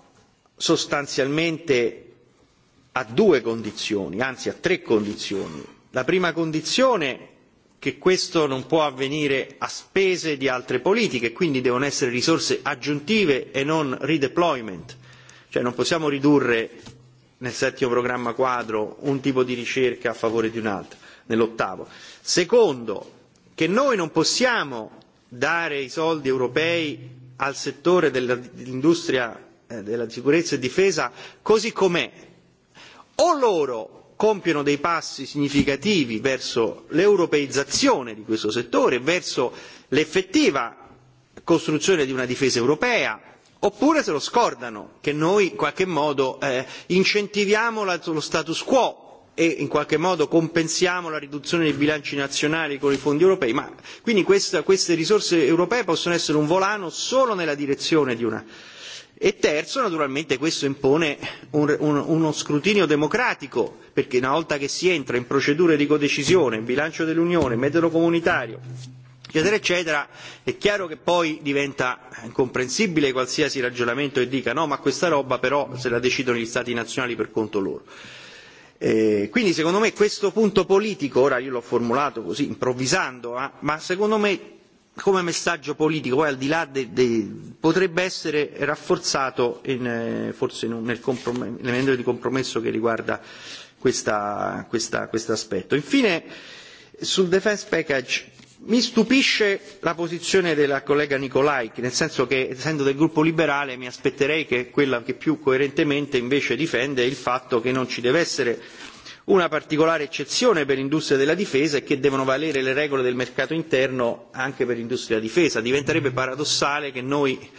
sostanzialmente a due condizioni, anzi a tre condizioni. La prima condizione che questo non può avvenire a spese di altre politiche, quindi devono essere risorse aggiuntive e non redeployment, cioè non possiamo ridurre nel settimo programma quadro un tipo di ricerca a favore di un altro, nell'ottavo. Secondo, che noi non possiamo dare i soldi europei al settore dell'industria Eh, della sicurezza e difesa così com'è o loro compiono dei passi significativi verso l'europeizzazione di questo settore, verso l'effettiva costruzione di una difesa europea, oppure se lo scordano che noi in qualche modo eh, incentiviamo la, lo status quo e in qualche modo compensiamo la riduzione dei bilanci nazionali con i fondi europei, ma quindi questa, queste risorse europee possono essere un volano solo nella direzione di una E terzo, naturalmente, questo impone un, un, uno scrutinio democratico, perché una volta che si entra in procedure di codecisione, bilancio dell'Unione, metodo comunitario, eccetera, eccetera, è chiaro che poi diventa incomprensibile qualsiasi ragionamento che dica no, ma questa roba però se la decidono gli Stati nazionali per conto loro. Eh, quindi secondo me questo punto politico, ora io l'ho formulato così improvvisando, eh, ma secondo me come messaggio politico poi eh, al di là de, de, potrebbe essere rafforzato in, eh, forse in un, nel nell'emendamento di compromesso che riguarda questo aspetto. Infine sul defence package mi stupisce la posizione della collega Nicolai, nel senso che essendo del gruppo liberale mi aspetterei che quella che più coerentemente invece difende il fatto che non ci deve essere Una particolare eccezione per l'industria della difesa è che devono valere le regole del mercato interno anche per l'industria della difesa. Diventerebbe paradossale che noi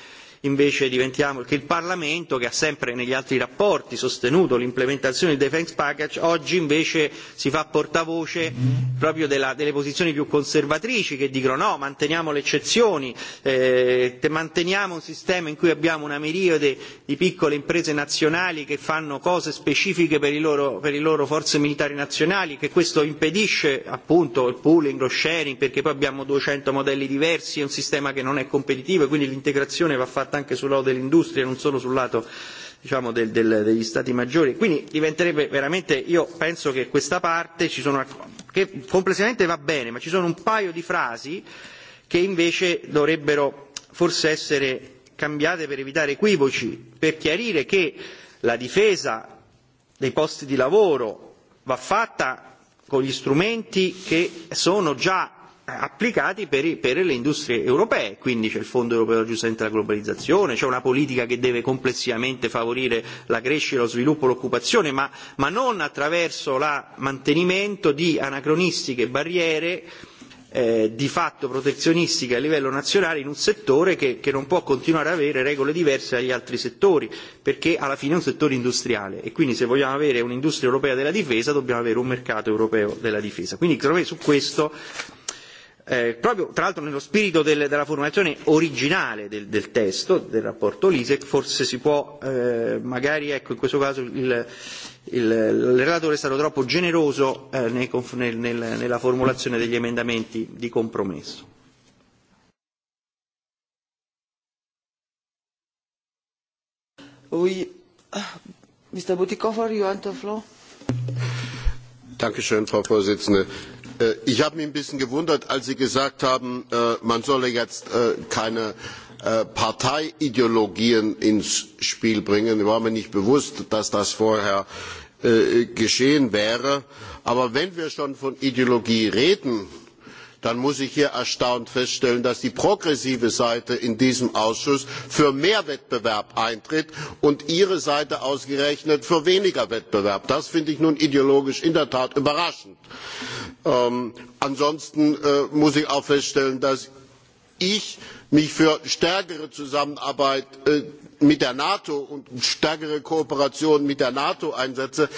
invece diventiamo che il Parlamento che ha sempre negli altri rapporti sostenuto l'implementazione del defence package oggi invece si fa portavoce proprio della, delle posizioni più conservatrici che dicono no manteniamo le eccezioni eh, manteniamo un sistema in cui abbiamo una miriade di piccole imprese nazionali che fanno cose specifiche per i loro, per i loro forze militari nazionali che questo impedisce appunto il pooling, lo sharing perché poi abbiamo 200 modelli diversi è un sistema che non è competitivo e quindi l'integrazione va fatta impatto anche sul lato dell'industria, non solo sul lato diciamo, del, del, degli stati maggiori. Quindi diventerebbe veramente, io penso che questa parte ci sono, che complessivamente va bene, ma ci sono un paio di frasi che invece dovrebbero forse essere cambiate per evitare equivoci, per chiarire che la difesa dei posti di lavoro va fatta con gli strumenti che sono già applicati per, per le industrie europee, quindi c'è il Fondo europeo giustamente della globalizzazione, c'è una politica che deve complessivamente favorire la crescita, lo sviluppo, l'occupazione, ma, ma non attraverso il mantenimento di anacronistiche barriere eh, di fatto protezionistiche a livello nazionale in un settore che, che non può continuare ad avere regole diverse dagli altri settori, perché alla fine è un settore industriale e quindi se vogliamo avere un'industria europea della difesa dobbiamo avere un mercato europeo della difesa. Quindi secondo me su questo eh, proprio tra l'altro nello spirito del, della formulazione originale del, del testo del rapporto Lisek forse si può eh, magari ecco in questo caso il, il, il relatore è stato troppo generoso eh, nei, nel, nel, nella formulazione degli emendamenti di compromesso. Oui. Mr. Butikoffer, you want the floor? Dankeschön, Frau Vorsitzende Äh, ich habe mich ein bisschen gewundert als sie gesagt haben äh, man solle jetzt äh, keine parteiideologien ins spiel bringen. mir war nicht bewusst dass das vorher geschehen wäre. aber wenn wir schon von ideologie reden dann muss ich hier erstaunt feststellen dass die progressive seite in diesem ausschuss für mehr wettbewerb eintritt und ihre seite ausgerechnet für weniger wettbewerb. das finde ich nun ideologisch in der tat überraschend. Ähm, ansonsten äh, muss ich auch feststellen dass ich mich für stärkere zusammenarbeit äh, mit der nato und stärkere kooperation mit der nato einsetze.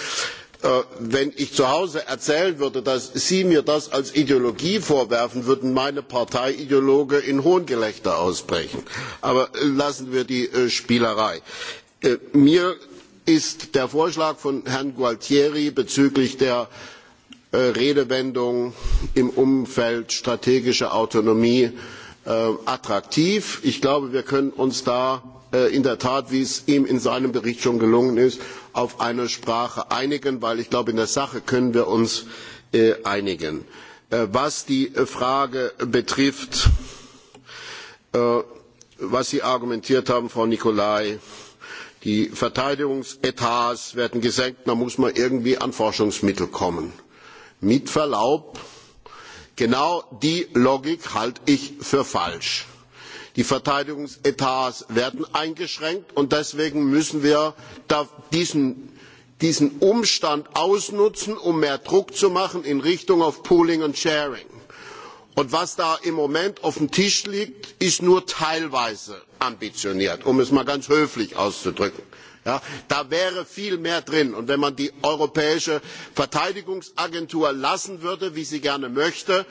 Äh, wenn ich zu hause erzählen würde dass sie mir das als ideologie vorwerfen würden meine parteiideologe in hohngelächter ausbrechen. aber äh, lassen wir die äh, spielerei. mir ist der vorschlag von herrn gualtieri bezüglich der redewendung im umfeld strategische autonomie attraktiv. ich glaube wir können uns da in der tat wie es ihm in seinem bericht schon gelungen ist auf eine Sprache einigen, weil ich glaube, in der Sache können wir uns äh, einigen. Äh, was die äh, Frage betrifft, was Sie argumentiert haben, Frau Nicolai, die Verteidigungsetats werden gesenkt, da muss man irgendwie an Forschungsmittel kommen. Mit Verlaub, genau die Logik halte ich für falsch die verteidigungsetats werden eingeschränkt und deswegen müssen wir diesen, umstand ausnutzen um mehr druck zu machen in richtung pooling and sharing. was da im moment auf dem tisch liegt ist nur teilweise ambitioniert um es mal ganz höflich auszudrücken. da wäre viel mehr drin. und wenn man die europäische verteidigungsagentur lassen würde wie sie gerne möchte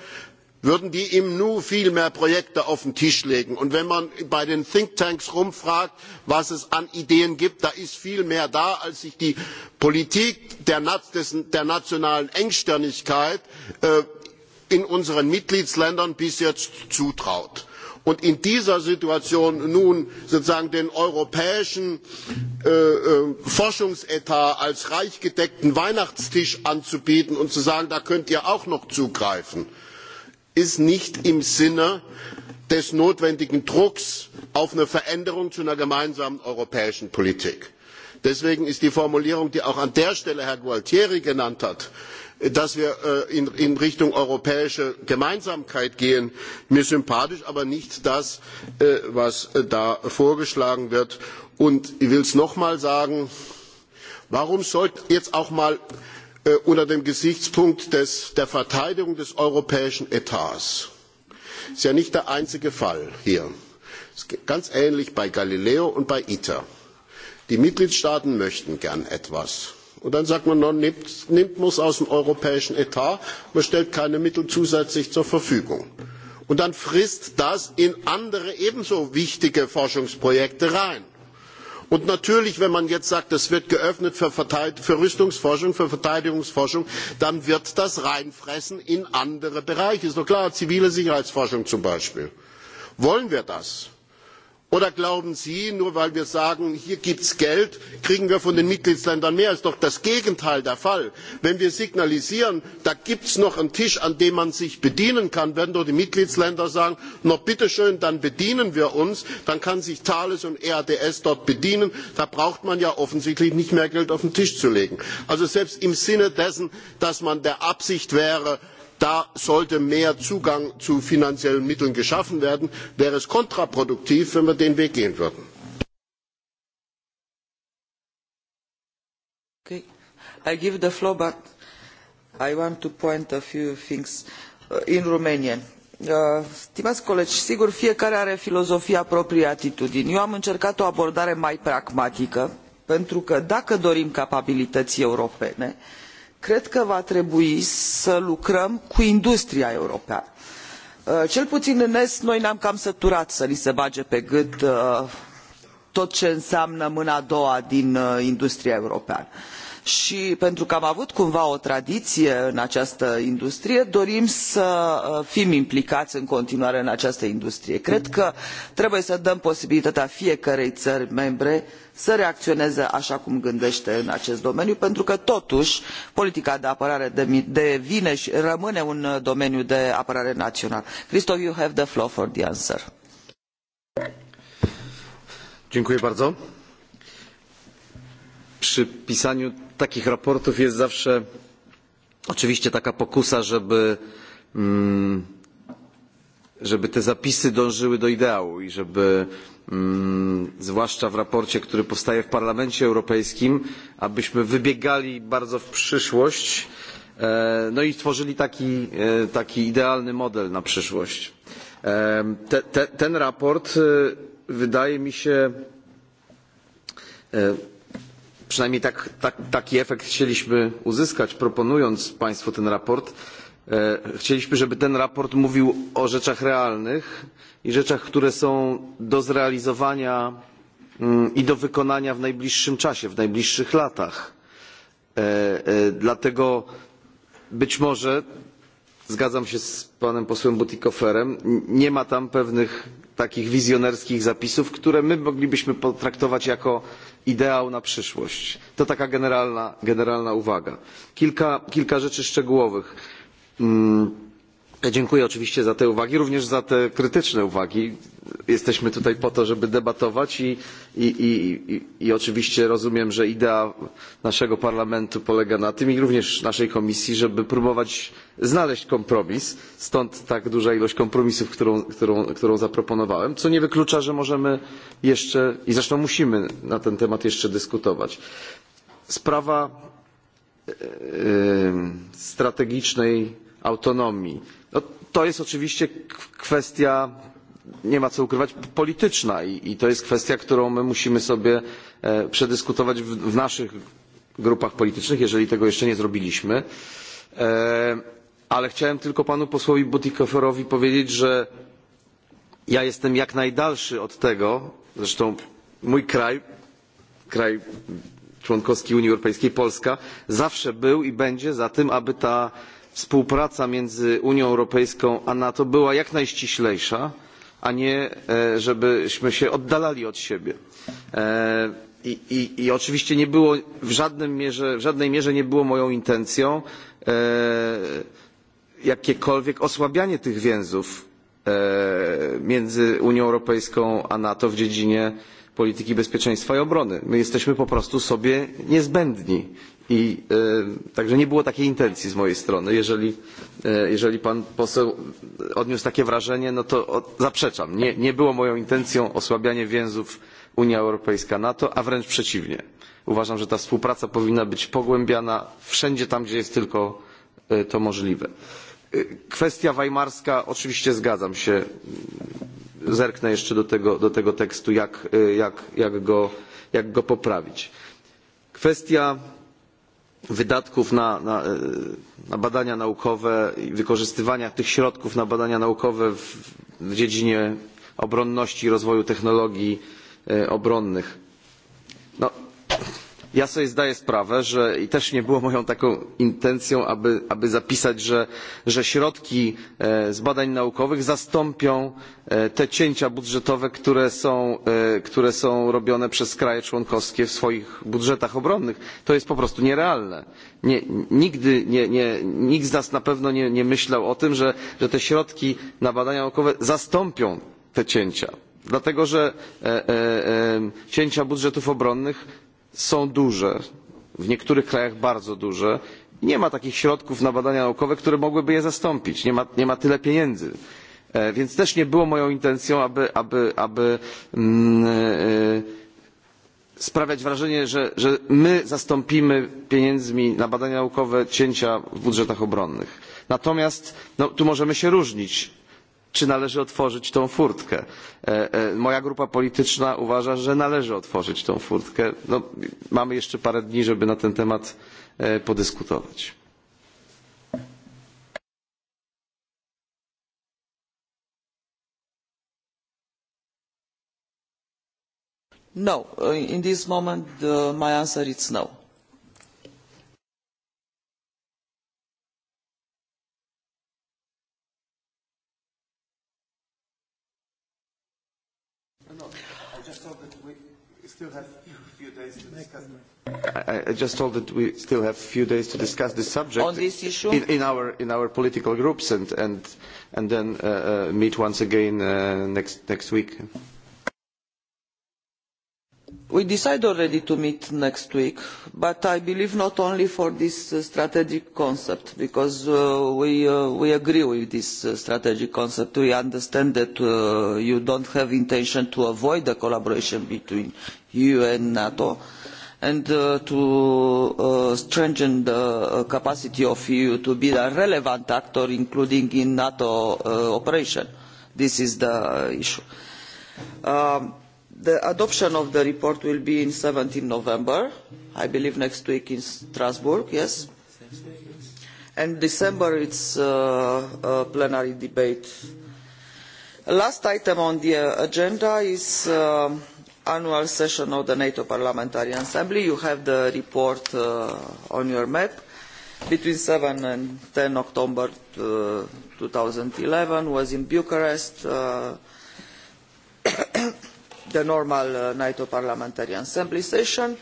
würden die im nu viel mehr projekte auf den tisch legen. und wenn man bei den thinktanks rumfragt was es an ideen gibt da ist viel mehr da als sich die politik der nationalen engstirnigkeit äh, in unseren mitgliedstaaten bis jetzt zutraut. und in dieser situation nun sozusagen den europäischen äh, äh, forschungsetat als reich gedeckten weihnachtstisch anzubieten und zu sagen da könnt ihr auch noch zugreifen ist nicht im sinne des notwendigen drucks auf eine veränderung zu einer gemeinsamen europäischen politik. deswegen ist die formulierung die auch an der stelle herr gualtieri genannt hat dass wir äh, in richtung europäische gemeinsamkeit gehen mir sympathisch aber nicht das äh, was äh, da vorgeschlagen wird. ich will es noch einmal sagen warum sollten jetzt auch Äh, unter dem gesichtspunkt der verteidigung des europäischen etats. das ist ja nicht der einzige fall hier. es ist ganz ähnlich bei galileo und bei iter. die mitgliedstaaten möchten gern etwas und dann sagt man man no, nimmt, nimmt muss aus dem europäischen etat man stellt keine mittel zusätzlich zur verfügung und dann frisst das in andere ebenso wichtige forschungsprojekte rein und natürlich wenn man jetzt sagt es wird geöffnet für rüstungsforschung für verteidigungsforschung dann wird das reinfressen in andere bereiche ist doch klar zivile sicherheitsforschung zum beispiel. wollen wir das? oder glauben sie nur weil wir sagen hier gibt es geld kriegen wir von den mitgliedstaaten mehr? das ist doch das gegenteil der fall! wenn wir signalisieren da gibt es noch einen tisch an dem man sich bedienen kann werden doch die mitgliedstaaten sagen na bitte schön dann bedienen wir uns dann können sich thales und eads dort bedienen da braucht man ja offensichtlich nicht mehr geld auf den tisch zu legen. also selbst im sinne dessen dass man der absicht wäre da sollte mehr zugang zu finanziellen mitteln geschaffen werden wäre es kontraproduktiv wenn wir den weg gehen würden. Okay. i give the floor but i want to point a few things uh, in romanian. Uh, stimați colegi, sigur fiecare are filozofia proprie atitudini. Eu am încercat o abordare mai pragmatică, pentru că dacă dorim capabilități europene, uh, cred că va trebui să lucrăm cu industria europeană. Uh, cel puin în est noi ne am cam săturat să ni se bage pe gât uh, tot ce înseamnă mâna a doua din uh, industria europeană i pentru că am avut cumva o tradiie în această industrie dorim să fim implicai în continuare în această industrie. cred că trebuie să dăm posibilitatea fiecărei ări membre să reacioneze aa cum gândete în acest domeniu pentru că totui politica de apărare devine i rămâne un domeniu de apărare naională. have the floor for the answer. przy pisaniu takich raportów jest zawsze oczywiście taka pokusa żeby mm, żeby te zapisy dążyły do ideału i żeby mm, zwłaszcza w raporcie, który powstaje w Parlamencie Europejskim, abyśmy wybiegali bardzo w przyszłość e, no i tworzyli taki, e, taki idealny model na przyszłość. E, te, te, ten raport wydaje mi się przynajmniej tak, tak, taki efekt chcieliśmy uzyskać proponując Państwu ten raport E, chcieliśmy żeby to sprawozdanie mówiło o rzeczach realnych i rzeczach które są do zrealizowania mm, i do wykonania w najbliższym czasie w najbliższych latach. E, e, dlatego być może zgadzam się z panem posłem bütikoferem nie ma tam pewnych takich wizjonerskich zapisów które my moglibyśmy potraktować jako ideał na przyszłość. to taka generalna, uwaga. kilka rzeczy szczegółowych Mm, dziękuję oczywiście za te uwagi, również za te krytyczne uwagi. Jesteśmy tutaj po to, żeby debatować i, i, i, i oczywiście rozumiem, że idea naszego parlamentu polega na tym i również naszej komisji, żeby próbować znaleźć kompromis. Stąd tak duża ilość kompromisów, którą, którą, którą zaproponowałem, co nie wyklucza, że możemy jeszcze i zresztą musimy na ten temat jeszcze dyskutować. Sprawa yy, e, e, strategicznej autonomii. No, to jest oczywiście kwestia nie ma co ukrywać polityczna i, i to jest kwestia, którą my musimy sobie e, przedyskutować w, w naszych grupach politycznych, jeżeli tego jeszcze nie zrobiliśmy. E, ale chciałem tylko panu posłowi Butikoferowi powiedzieć, że ja jestem jak najdalszy od tego, zresztą mój kraj, kraj członkowski Unii Europejskiej, Polska, zawsze był i będzie za tym, aby ta współpraca między unią europejską a nato była jak najściślejsza a nie e, żebyśmy się oddalali od siebie. E, I, i, i oczywiście nie było w, żadnym mierze, w żadnej mierze nie było moją intencją e, jakiekolwiek osłabianie tych więzów między unią europejską a nato w dziedzinie polityki bezpieczeństwa i obrony. My jesteśmy po prostu sobie niezbędni. I y, e, także nie było takiej intencji z mojej strony. Jeżeli, y, e, jeżeli pan poseł odniósł takie wrażenie, no to o, zaprzeczam. Nie, nie było moją intencją osłabianie więzów Unia Europejska-NATO, a wręcz przeciwnie. Uważam, że ta współpraca powinna być pogłębiana wszędzie tam, gdzie jest tylko y, e, to możliwe. Kwestia weimarska, oczywiście zgadzam się zerknę jeszcze do tego, do tego tekstu, jak, jak, jak, go, jak go poprawić. Kwestia wydatków na, na, na badania naukowe i wykorzystywania tych środków na badania naukowe w, w dziedzinie obronności i rozwoju technologii obronnych ja sobie zdaję sprawę że i też nie było moją taką intencją aby, zapisać że, środki e, z badań naukowych zastąpią e, te cięcia budżetowe e, które są, robione przez kraje członkowskie w swoich budżetach obronnych. to jest po prostu nierealne. nigdy nikt z nas na pewno nie, myślał o tym że te środki na badania naukowe zastąpią te cięcia dlatego że cięcia budżetów obronnych są duże w niektórych krajach bardzo duże nie ma takich środków na badania naukowe które mogłyby je zastąpić nie ma, nie ma tyle pieniędzy e, więc też nie było moją intencją aby, aby, aby mm, e, sprawiać wrażenie że, że my zastąpimy pieniędzmi na badania naukowe cięcia w budżetach obronnych. natomiast no, tu możemy się różnić czy należy otworzyć tą furtkę. E, e, moja grupa polityczna uważa, że należy otworzyć tą furtkę. No, mamy jeszcze parę dni, żeby na ten temat e, podyskutować. No, in this moment uh, my answer is no still have few days to discuss. I just told that we still have few days to discuss this subject on this issue in, in our in our political groups and and and then uh, uh, meet once again uh, next next week we decide already to meet next week but i believe not only for this uh, strategic concept because uh, we, uh, we agree with this strategic concept we understand that you do not have the intention to avoid the collaboration between the eu and nato and to strengthen the capacity of the eu to be a relevant actor including in nato operations. this is the issue. Um, the adoption of the report will be on seventeen november i believe next week in strasbourg yes and december it's uh, a plenary debate last item on the uh, agenda is uh, annual session of the nato parliamentary assembly you have the report uh, on your map between 7 and 10 october uh, 2011 was in bucharest uh, <coughs> the normal uh, NATO Parliamentary Assembly session.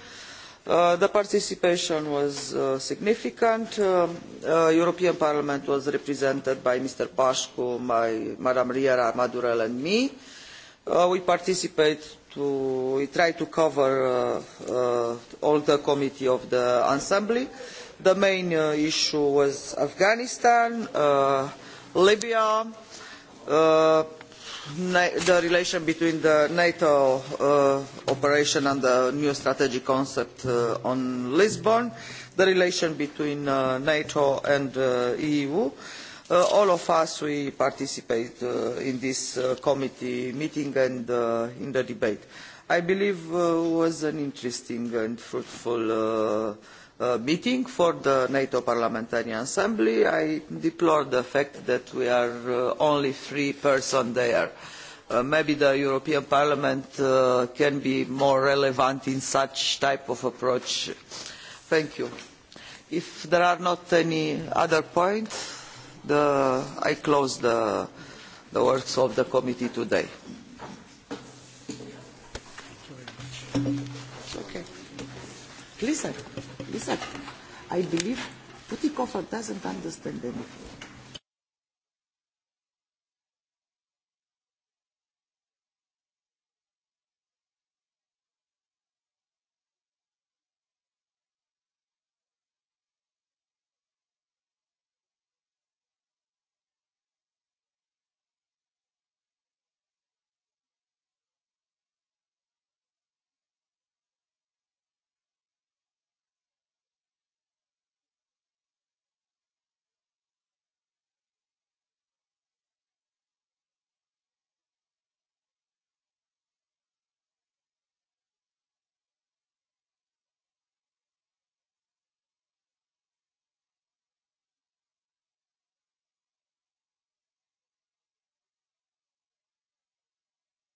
Uh, the participation was uh, significant. Uh, uh, European Parliament was represented by Mr. Pascu, my, Madam Riera Madurel and me. Uh, we participate to, we try to cover uh, uh, all the committee of the assembly. The main uh, issue was Afghanistan, uh, Libya, uh, the relation between the NATO uh, operation and the new strategic concept uh, on Lisbon, the relation between uh, NATO and uh, EU. Uh, all of us, we participate uh, in this uh, committee meeting and uh, in the debate. I believe uh, was an interesting and fruitful uh, Uh, meeting for the NATO Parliamentary Assembly. I deplore the fact that we are uh, only three persons there. Uh, maybe the European Parliament uh, can be more relevant in such type of approach. Thank you. If there are not any other points, the, I close the, the works of the committee today. Listen, listen. I believe Putikoffer doesn't understand anything.